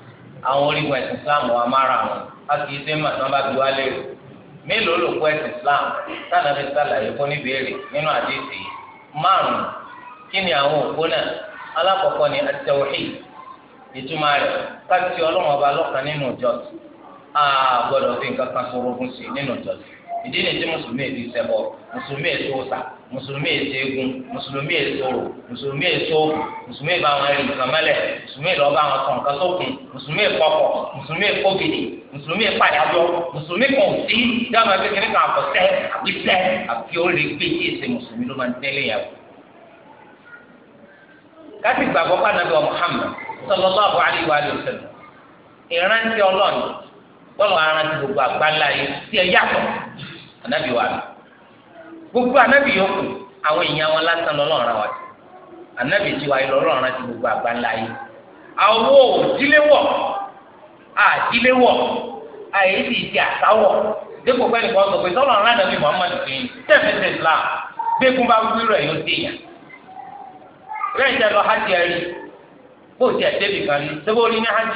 àwọn orígun ẹ̀sìn islam wa mára wọn a kì í ṣe mà tí bá fi wá lérò mélòó ló kó ẹ̀sìn islam sáà fi sàlàyé fún níbèrè nínú àdéhìí márùn kí ni àwọn òpó náà alákọ̀ọ́kọ́ ni at-tawhid ìtumọ̀ káàkiri ọba lọ́kàn nínú ìjọsìn a gbọ́dọ̀ fi nǹkan kan sọ̀rọ̀ ogun sí nínú ìjọsìn ìdí ni tí mùsùlùmí èdè sẹ́bọ̀ mùsùlùmí mùsùlùmí èso egun mùsùlùmí èso òwò mùsùlùmí èso wọn rìn nǹkan mọ́lẹ̀ mùsùlùmí lọ́ọ́ wọn kàn nǹkan sókun mùsùlùmí ìkọkọ̀ mùsùlùmí ìkóbìdì mùsùlùmí ìpàdánù mùsùlùmí kan sí dáhùn àti kékeré kan àkọsẹ́ àbísẹ́ lè gbé tí èsè mùsùlùmí ló máa ń yàgò. káfí gbàgbọ́ pàdánù Muhammad sallallahu alaihi wa sallam ìrántí ọlọ́ọ̀ni bọ́ọ̀lù arántí gbogbo àgbáńlá yìí tí ẹ yàtọ̀ ànábìwá mi. gbogbo anabi yòókù àwọn èèyàn wọn lásán lọ́lọ́run ra wa jù anabi tiwa yìí lọ́lọ́run ra ti gbogbo àgbáńlá yìí àwọ òdíléwọ̀ àdíléwọ̀ àyèsí ti àsáwọ̀ dépò pẹ́ nìkan sọ pé sọ́lọ́run rán muhammadu kìíní tẹ̀síntẹ̀ islam gbẹ́gun bá wí rẹ̀ yóò dé yàn rẹ̀ ń lọ hajj ẹ̀rí bó ti ní sẹ́wọ́n ní hajj.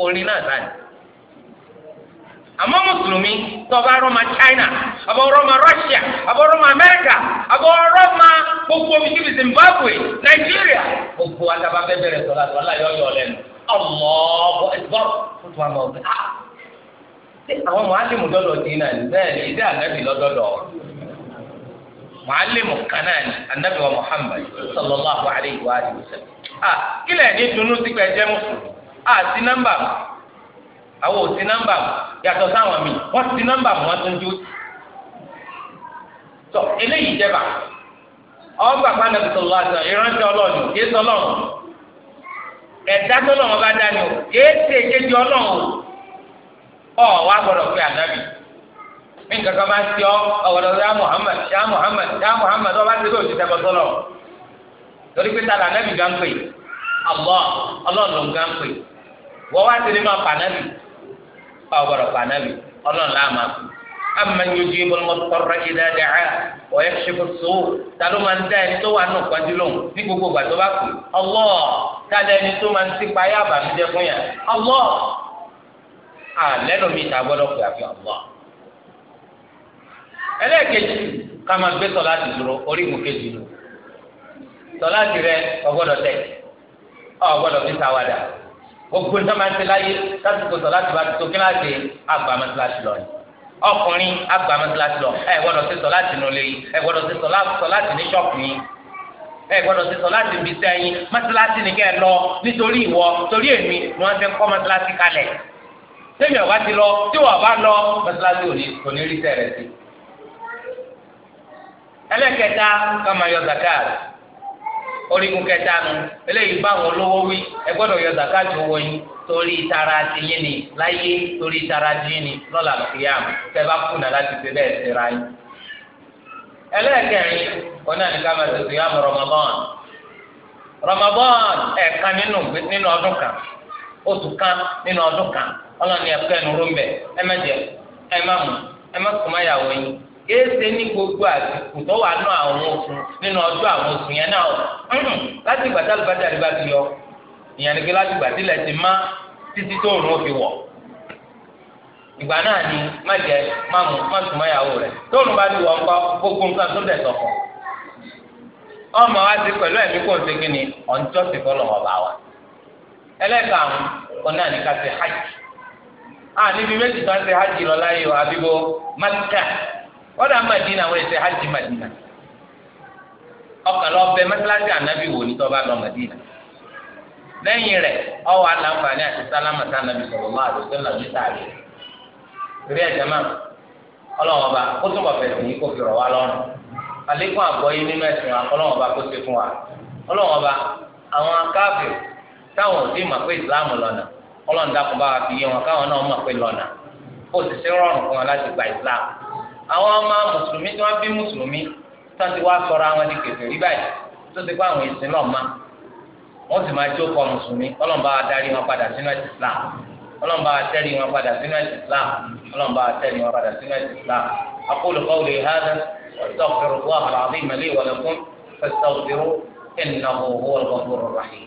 orin náà sáà ni àmọ́ mùsùlùmí tọba rọ́mà China àbọ̀ rọ́mà Russia àbọ̀ rọ́mà America àbọ̀ rọ́mà gbogbo bíi Zimbabwe Nigeria. gbogbo àtàbà bẹ́ẹ̀ bẹ̀rẹ̀ sọ̀rọ̀ àti wàhálà yọ̀ọ̀yọ̀ lẹ́nu ọ̀mọ̀ọ́bọ̀ ẹ̀gbọ́n fún tiwọn mọ̀ ọ́gbẹ́ ah ṣé àwọn mọ̀álẹ́mù dọ́dọ̀ dín náà ní bẹ́ẹ̀ ni ìdí ànábì lọ́dọ̀dọ̀ mọ̀álẹ́mù kan náà ní ànábì wa Muhammad sallallahu alayhi wa sallam ah kílẹ̀ ní dunu sí pé ẹ jẹ́ mùsùlùmí àti ah, nọ́mbà mu àwọn ò sí mu yàtọ̀ sáwọn mi wọ́n ti nọmba mu wọ́n tún jó tọ eléyìí jẹba ọgbà pàdánù sọlọ àtọ ìrántí ọlọ́run kìí sọlọ́run ẹ̀dá tọ́lọ́run bá dání o kìí o ọ wá gbọ́dọ̀ pé ànábì mí nǹkan máa ọ ya Muhammad ya Muhammad ya Muhammad ọba ti torí pé ànábì Allah wọ́n wá sí ni máa pa nábì báwo gbọ́dọ̀ pa nábì ọlọ́run láà máa kú. amman yujibu al-mudtarra idha da'ahu wa yakshifu as-su' ta ló máa ń dá ẹni tó wà nù pàdé lóhùn ní gbogbo ìgbà tó bá kù Allah ta lẹ́ ẹni tó máa ń sípa ayé àbàmíjẹ fún yà Allah àlẹ́ lómi ìta gbọ́dọ̀ pè àfi Allah. ẹlẹ́ẹ̀kejì ká máa gbé sọ láti dúró orí ìmùkejì lò sọ láti rẹ ọgbọ́dọ̀ tẹ̀ ọgbọ́dọ̀ fi sáwádà gbogbo nígbà máa ń ṣe láyé lásìkò sọ láti bá tó kí láti àgbà mọ́tíláṣí lọ ni ọkùnrin àgbà mọ́tíláṣí lọ ẹ gbọ́dọ̀ ṣe sọ láti nulẹ̀ yìí ẹ gbọ́dọ̀ ṣe sọ láti ní ṣọ́ọ̀pù yìí ẹ gbọ́dọ̀ ṣe sọ láti fi sẹ́yìn mọ́tíláṣí ni kẹ́ ẹ lọ nítorí ìwọ torí èmi ni wọ́n ti ń kọ́ mọ́tíláṣí kalẹ̀ tẹ́mi ọ̀bá ti lọ tí wọ́n bá lọ mọ́tíláṣí kò ní rí sẹ́rẹ̀ sí. ẹlẹ́kẹta orígun kẹta nu eléyìí bá àwọn olówó wí ẹ gbọ́dọ̀ yọ zakati owó yín torí ìtara ti yín ni láyé torí ìtara ti yín ni lọ́la kìíyàm tẹ bá kùnà láti fi bẹ́ẹ̀ sera yín. ẹlẹ́ẹ̀kẹrin oní àdìgá máa tètè yá mọ Ramadan Ramadan ẹ̀ẹ̀kan nínú nínú ọdún kan oṣù kan nínú ọdún kan ọlọ́ni ẹ̀kọ́ ẹ̀nu rúmbẹ̀ ẹ má jẹ ẹ má yín kéésì ní gbogbo àsìkò tó wà nù àwọn oṣù nínú ọjọ́ àwọn oṣù yẹn náà láti ìgbà tí alùpàdé àdìbà ti yọ ìyẹn ni pé láti ìgbà tí ilẹ̀ ti má títí tó fi wọ̀ ìgbà náà ni má jẹ má mu má sùn mọ́yàwó rẹ̀ tó òórùn bá wa ti pẹ̀lú ẹ̀mí kò ṣe kọ́dà Madina nwere ẹsẹ̀ hajj Madina ọkàn lọ bẹ anabi ànábì wò ní tọ́ba lọ Madina lẹ́yìn rẹ̀ ọwọ́ aláǹfààní àti sálámà sí ànábì sọ̀rọ̀ máa lọ sẹ́lá ní sáré rí ẹ̀jẹ̀ máa ọlọ́wọ́n bá kó túnbọ̀ fẹ̀sìn yìí kó fi rọ̀ wá lọ́rùn àlékún àgbọ̀yé nínú ẹ̀sìn wa bá kó ṣe fún wa ọlọ́wọ́n bá àwọn akáàfẹ́ táwọn mà pé lọ́nà bá wa fi yé wọn káwọn náà àwọn ọmọ mùsùlùmí tí wọ́n bí mùsùlùmí tí wọ́n ti wá sọ̀rọ̀ àwọn di kèfèrí báyìí tó ti kó àwọn ìsìn náà má wọ́n sì máa jókòó mùsùlùmí ọlọ́mọba wa darí wọn padà sínú ẹ̀sìn Islam ọlọ́mọba wa tẹ́lẹ̀ wọn padà sínú ẹ̀sìn Islam ọlọ́mọba wa wọn padà sínú ẹ̀sìn Islam aqulu qawli hadha wastaghfirullaha al-azim li wa lakum fastaghfiruhu innahu huwal ghafurur rahim.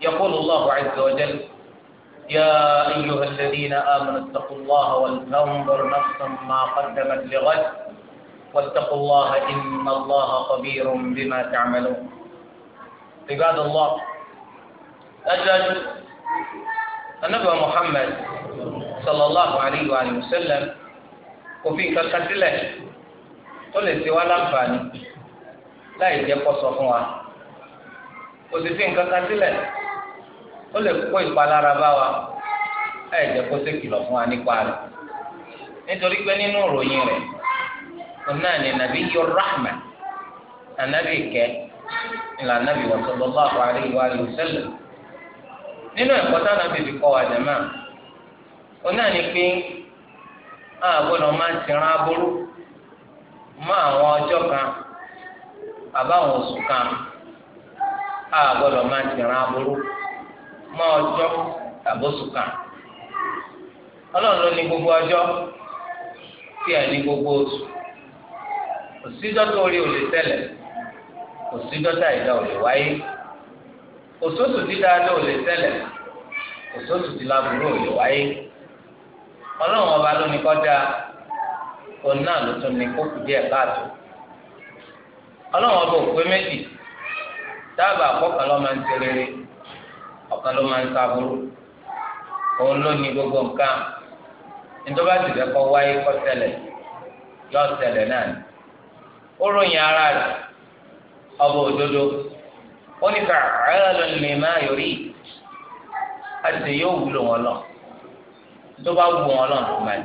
يقول الله عز وجل يا أيها الذين آمنوا اتقوا الله ولتنظر نفسا ما قدمت لغد واتقوا الله إن الله خبير بما تعملون عباد الله أجل النبي محمد صلى الله عليه وآله وسلم وفي كالقتلة قل سوى الأنفاني لا يجب صفوها وفي كالقتلة ó lè kó ìpalára bá wa ẹ jẹ́ kó kpe kìlọ̀ fún wa nípa rẹ̀ nítorí pé nínú ìròyìn rẹ̀ ọ̀nà ni nàbí yọ rahma ànábì kẹ́ ìlà ànábì wa sallallahu alaihi wa sallam nínú ẹ̀kọ́ táwọn ànábì kọ́ wa jẹ̀ máa ọ̀nà ni pé àgbọ̀dọ̀ máa ti aburú àwọn kan àbáwọn oṣù kan ma ọjọ́ tàbóṣù kan ọlọ́run ló ní gbogbo ọjọ́ tí ẹ̀ ní gbogbo oṣù òsídọ́ tó rí ò lè tẹ̀lẹ̀ tá ìdá wáyé òṣooṣù tí dáadáa ò láburú wáyé ọlọ́run ọba ló ní kọjá òun náà ló tún ọba òpé méjì dábàá máa ń ọ̀kan ló máa ń sábúrú òun ló ní gbogbo nǹkan nítorí àti fẹ́ kọ́ wáyé kọ́ tẹ̀lẹ̀ yọ tẹ̀lẹ̀ náà ni ó ròyìn ara rẹ̀ ọba òdodo ó ní fàáyà ló lè má yọrí àti yóò wúlò wọn lọ tó bá wù wọn lọ tó máa ní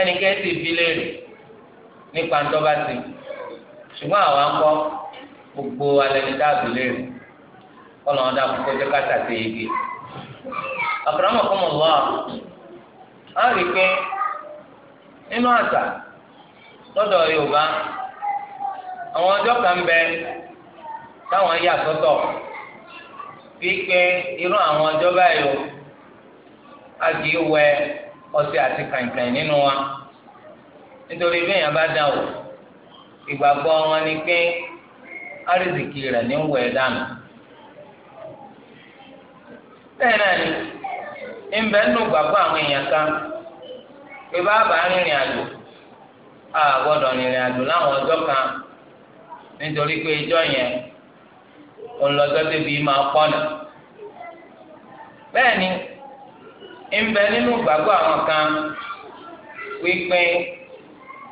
ẹnikẹ́ni ti fi léèrè nípa ntọ́ ṣùgbọ́n àwa ń gbogbo alẹ́ ní táàbù léèrè. ọlọ́run dàpọ̀ kó jẹ́ káta sí igi. àkàràmọ fún mi lọ á rí i pé nínú àṣà lọ́dọ̀ yorùbá àwọn ọjọ́ kan bẹ táwọn yà sọtọ fi pé irú àwọn ọjọ́ báyìí o a kì í wẹ ọsị àti kàìnkàìn nínú wa nítorí bá dà o wọn ni pé ní bẹ́ẹ̀ náà ni ńbẹ nínú gbàgbọ́ àwọn èèyàn kan pé bàbá rìnrìn àjò a gbọ́dọ̀ rìnrìn àjò láwọn ọjọ́ kan nítorí pé ijọ́ yẹn ònlọ́jọ́ débi máa ni ńbẹ nínú gbàgbọ́ àwọn kan wípé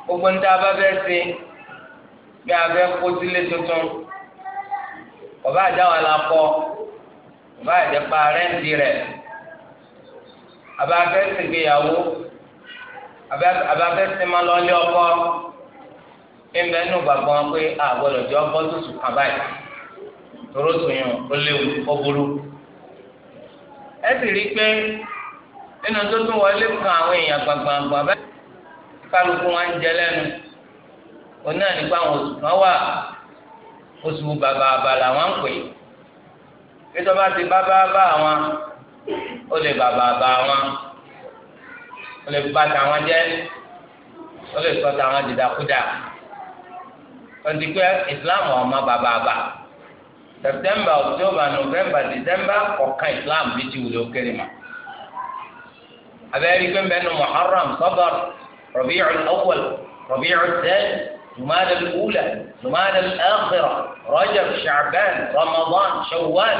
gbogbo ń ṣe bí a kó sílé tuntun ọba bá ẹ̀jẹ̀ pa rẹ́ǹtì rẹ̀ abáfẹ́ ṣègbéyàwó abáfẹ́ sinmi lọ́lé ọkọ ẹ̀mẹ́ nù gbàgbọ́ pé àgbọ̀dọ̀ jẹ́ ọkọ tó sùn kàn báyìí tóró sòyàn ó léwu ó burú. ẹ sì rí i pé nínú tó tún wọlé kan àwọn èèyàn gbàngbàngbà bẹ́ẹ̀ kálukú wọn ń jẹ lẹ́nu òun náà nípa àwọn oṣù kan wà oṣù bàbà àbàlà wọn ń pè é ètò bá ti bá bá bá wọn ó lè bá bá bá wọn ó lè bá tàwọn jẹ ó lè sọ tàwọn dìdàkudà tọ́jú pé ìsìláàmù ọmọ bàbá bá september october november december ọ̀kan ìsìláàmù bíi ti wùlé ókéré mà abẹ́rẹ́ gbé mbẹ́nu muharram sọ́bọ̀r rọ̀bíyàn ọ̀wọ̀l rọ̀bíyàn sẹ́ẹ̀d jùmọ́dà lùwùlà jùmọ́dà lùwàkìrà rọ́jà ṣàbẹ́n rọmọdán ṣọwọ́n.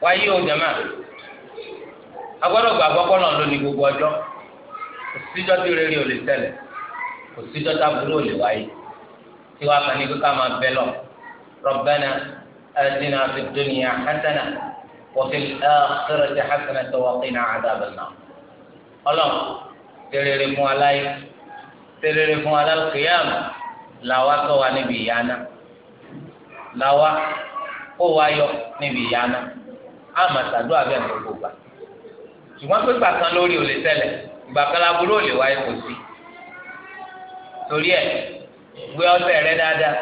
wáyé o jama agbọ́dọ̀ gbàgbọ́ kọ́ náà lónìí gbogbo ọjọ́ kò síjọ́ tí rere ò lè ṣẹlẹ̀ kò síjọ́ tá burú ò lè wáyé tí wàá kàn ní kó ká máa bẹ lọ Rabbana atina fid dunya hasana wa fil akhirati hasana wa qina adhaban nar ọlọ́run tẹ̀rẹ̀rẹ̀ fún aláyé tẹ̀rẹ̀rẹ̀ fún alákìyàmù làwa tó wà níbi ìyá làwa kó wa níbi ìyá àmà sàdó àbẹ gbogbo gbà ṣùgbọ́n pé gbà kan lórí ò lè ṣẹlẹ̀ ìgbà kan láburú ò lè wáyé kò sí torí ẹ gbé ọṣẹ rẹ dáadáa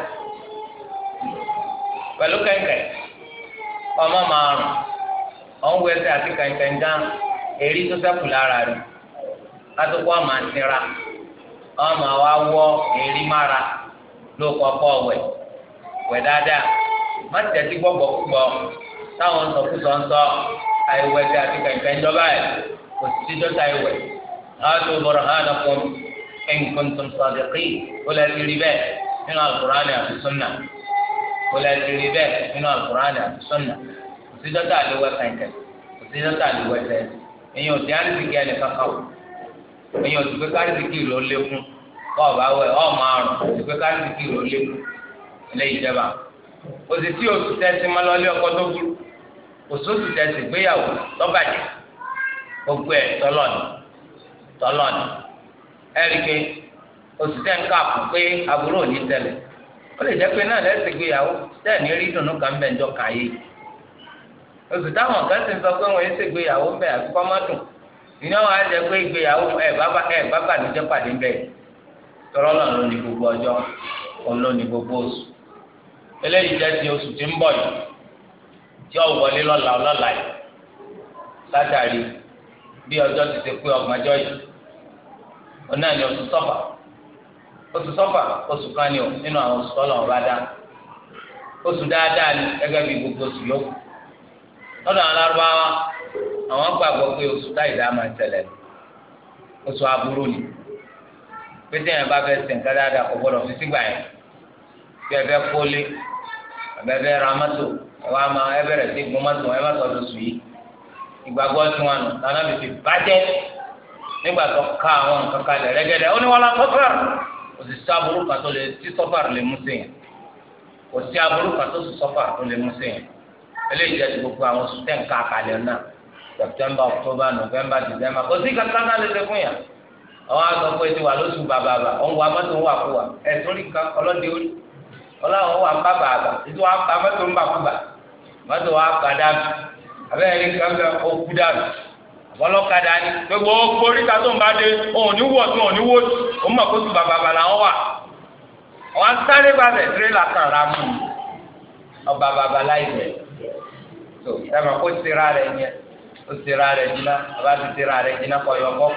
pẹ̀lú kẹ̀kẹ́ ọmọ márùn ọ̀hún wẹsẹ̀ àti kẹ̀kẹ́ ń dán èrí tó ṣẹ́kù lára rẹ̀ kátó kó àmà nira àmà wa wọ èrí mára ló kọ kọ wẹ wẹ dáadáa má tẹ̀sí gbọ́gbọ́ gbọ́ táwọn sọkúsọ ń sọ àìwẹ̀ bí àti kẹ̀kẹ́ ńjọba ẹ̀ kò sí dọ́tà ìwẹ̀ láti bọ̀rọ̀ hàn kún ẹ̀ǹkan tó ń sọ̀dẹ̀ kí ó lẹ́ ti rí bẹ́ẹ̀ nínú alukur'ani àti sunna ó lẹ́ ti rí bẹ́ẹ̀ nínú alukur'ani àti sunna kò sí dọ́tà àlewẹ̀ kẹ̀kẹ́ kò sí dọ́tà àlewẹ̀ tẹ̀ ẹ̀yin òdi àrísìkì ẹ̀ nìkan kàwé ẹ̀yin òdi pé kárísìkì ló lékún ọ̀bá wẹ̀ ọ̀mọ àrùn òdi pé kárísìkì ló lékún ilé ìjẹba òsì tí òsì tẹ́sí mọ́ lọ́lé ọkọ̀ tó burú òṣooṣù tẹ̀sí gbéyàwó lọ́bàjẹ́ gbogbo ẹ̀ tọ́lọ́ni tọ́lọ́ni ẹ̀ríkẹ́ oṣù tẹ̀ ń kà fún pé aburú òní tẹ̀lẹ̀ ó lè jẹ́ pé náà lẹ́sìn gbéyàwó tẹ̀ẹ̀ni rí dùnú kan bẹ̀ ń jọ kàyé táwọn kan sọ pé wọ́n àti ìní àwọn pé ẹ̀ bábà ẹ̀ bábà pàdé bẹ́ẹ̀ ló ní gbogbo ọjọ́ jọ ó wọlé lọ́la yi yìí látàrí bí ọjọ́ ti ti pé ọgbọ̀njọ́ yìí ọ̀nà ni oṣù sọ́fà oṣù oṣù kan ni o nínú àwọn oṣù tọ́lọ̀ ọba dá oṣù dáadáa ni bí gbogbo oṣù yòókù lọ́dọ̀ àwọn alárúbáwá àwọn gbàgbọ́ pé oṣù táìdá máa ń oṣù ni pété yẹn bá ṣe nǹkan dáadáa kò fi sígbà yẹn ẹwà máa ẹ bẹ̀rẹ̀ sí gun mọ́tò ẹ má tọ́jú sùn yìí ìgbàgbọ́ tí wọn nù lànà bìbí bàjẹ́ nígbà tó ká àwọn nǹkan kalẹ̀ rẹ́gẹ́dẹ́ ó ní wọn lọ sọ́fà kò sì sí aburú kan tó lè tí sọ́fà lè mú sí yẹn kò sí aburú kan tó sì sọ́fà tó lè mú sí yẹn eléyìí jẹ́ ti gbogbo àwọn sùtẹ́ǹkà kalẹ̀ náà september october november december kò sí kankan náà lè ṣe fún yàn àwọn àgbọ̀pọ̀ ètò wà lóṣù bàbàbà òun ọlọ́run wà ń bá bàbà ètò wà mọ́tò ń bà kúbà mọ́tò wà bà dànù abẹ́rẹ́ ní kan bẹ́ẹ̀ ó kú ọlọ́kadà ni gbogbo tó ń bá dé òun ní wọ̀ òun ní wọ̀ òun mọ̀ kó bàbà bà làwọn wà wọn sáré mú ọba bàbà tó kó tira rẹ̀ tira rẹ̀ jiná bàbá ti tira rẹ̀ jiná kọ́ yọ bọ́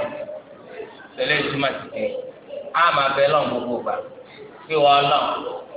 ìtumọ̀ ti kẹ́ àmà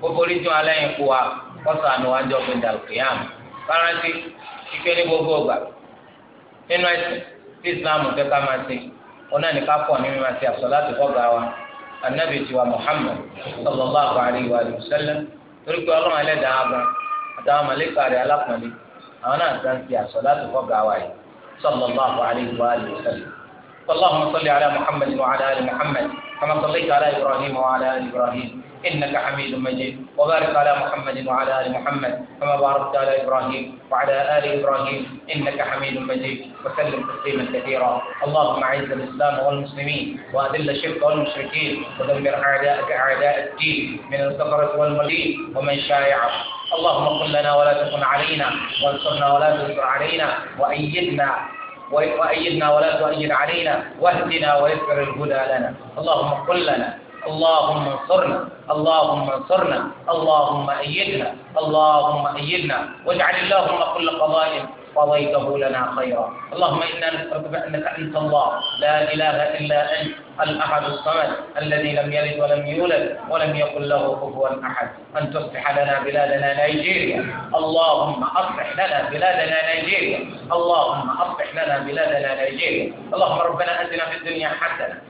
gbogbo orí jọ alẹ́ yẹn kó wa kọ́sọ̀ àná wa jọ fún ìdàlùkìyàm faransé ìfẹ́ ní gbogbo ọgbà nínú ẹ̀sìn tí islam fẹ́ ká máa ṣe ọ̀nà ní ká pọ̀ nínú àti àsọ̀láàtì kọ́gà wa anabi tiwa muhammad sallallahu alayhi wa sallam torí pé ọlọ́run ẹlẹ́dàá agan àtàwọn màlẹ́kà rẹ̀ alápọ̀nlé àwọn náà ti ń ṣe àsọ̀láàtì kọ́gà wa yìí sallallahu alayhi wa sallam اللهم صل على محمد وعلى ال محمد كما صليت على ابراهيم وعلى ال ابراهيم إنك حميد مجيد وبارك على محمد وعلى آل محمد كما باركت على إبراهيم وعلى آل إبراهيم إنك حميد مجيد وسلم تسليما كثيرا اللهم أعز الإسلام والمسلمين وأذل الشرك والمشركين ودمر أعداءك أعداء الدين من الكفرة والمدين ومن شايعه اللهم قل لنا ولا تكن علينا وانصرنا ولا تنصر علينا وأيدنا وأيدنا ولا تؤيد علينا واهدنا ويسر الهدى لنا اللهم قل لنا اللهم انصرنا اللهم انصرنا اللهم أيدنا اللهم أيدنا واجعل اللهم كل قضاء قضيته لنا خيرا اللهم إنا نسألك بأنك أنت الله لا إله إلا أنت الأحد الصمد الذي لم يلد ولم يولد ولم يكن له كفوا أحد أن تصلح لنا بلادنا نيجيريا اللهم أصلح لنا بلادنا نيجيريا اللهم أصلح لنا بلادنا نيجيريا اللهم ربنا أتنا في الدنيا حسنة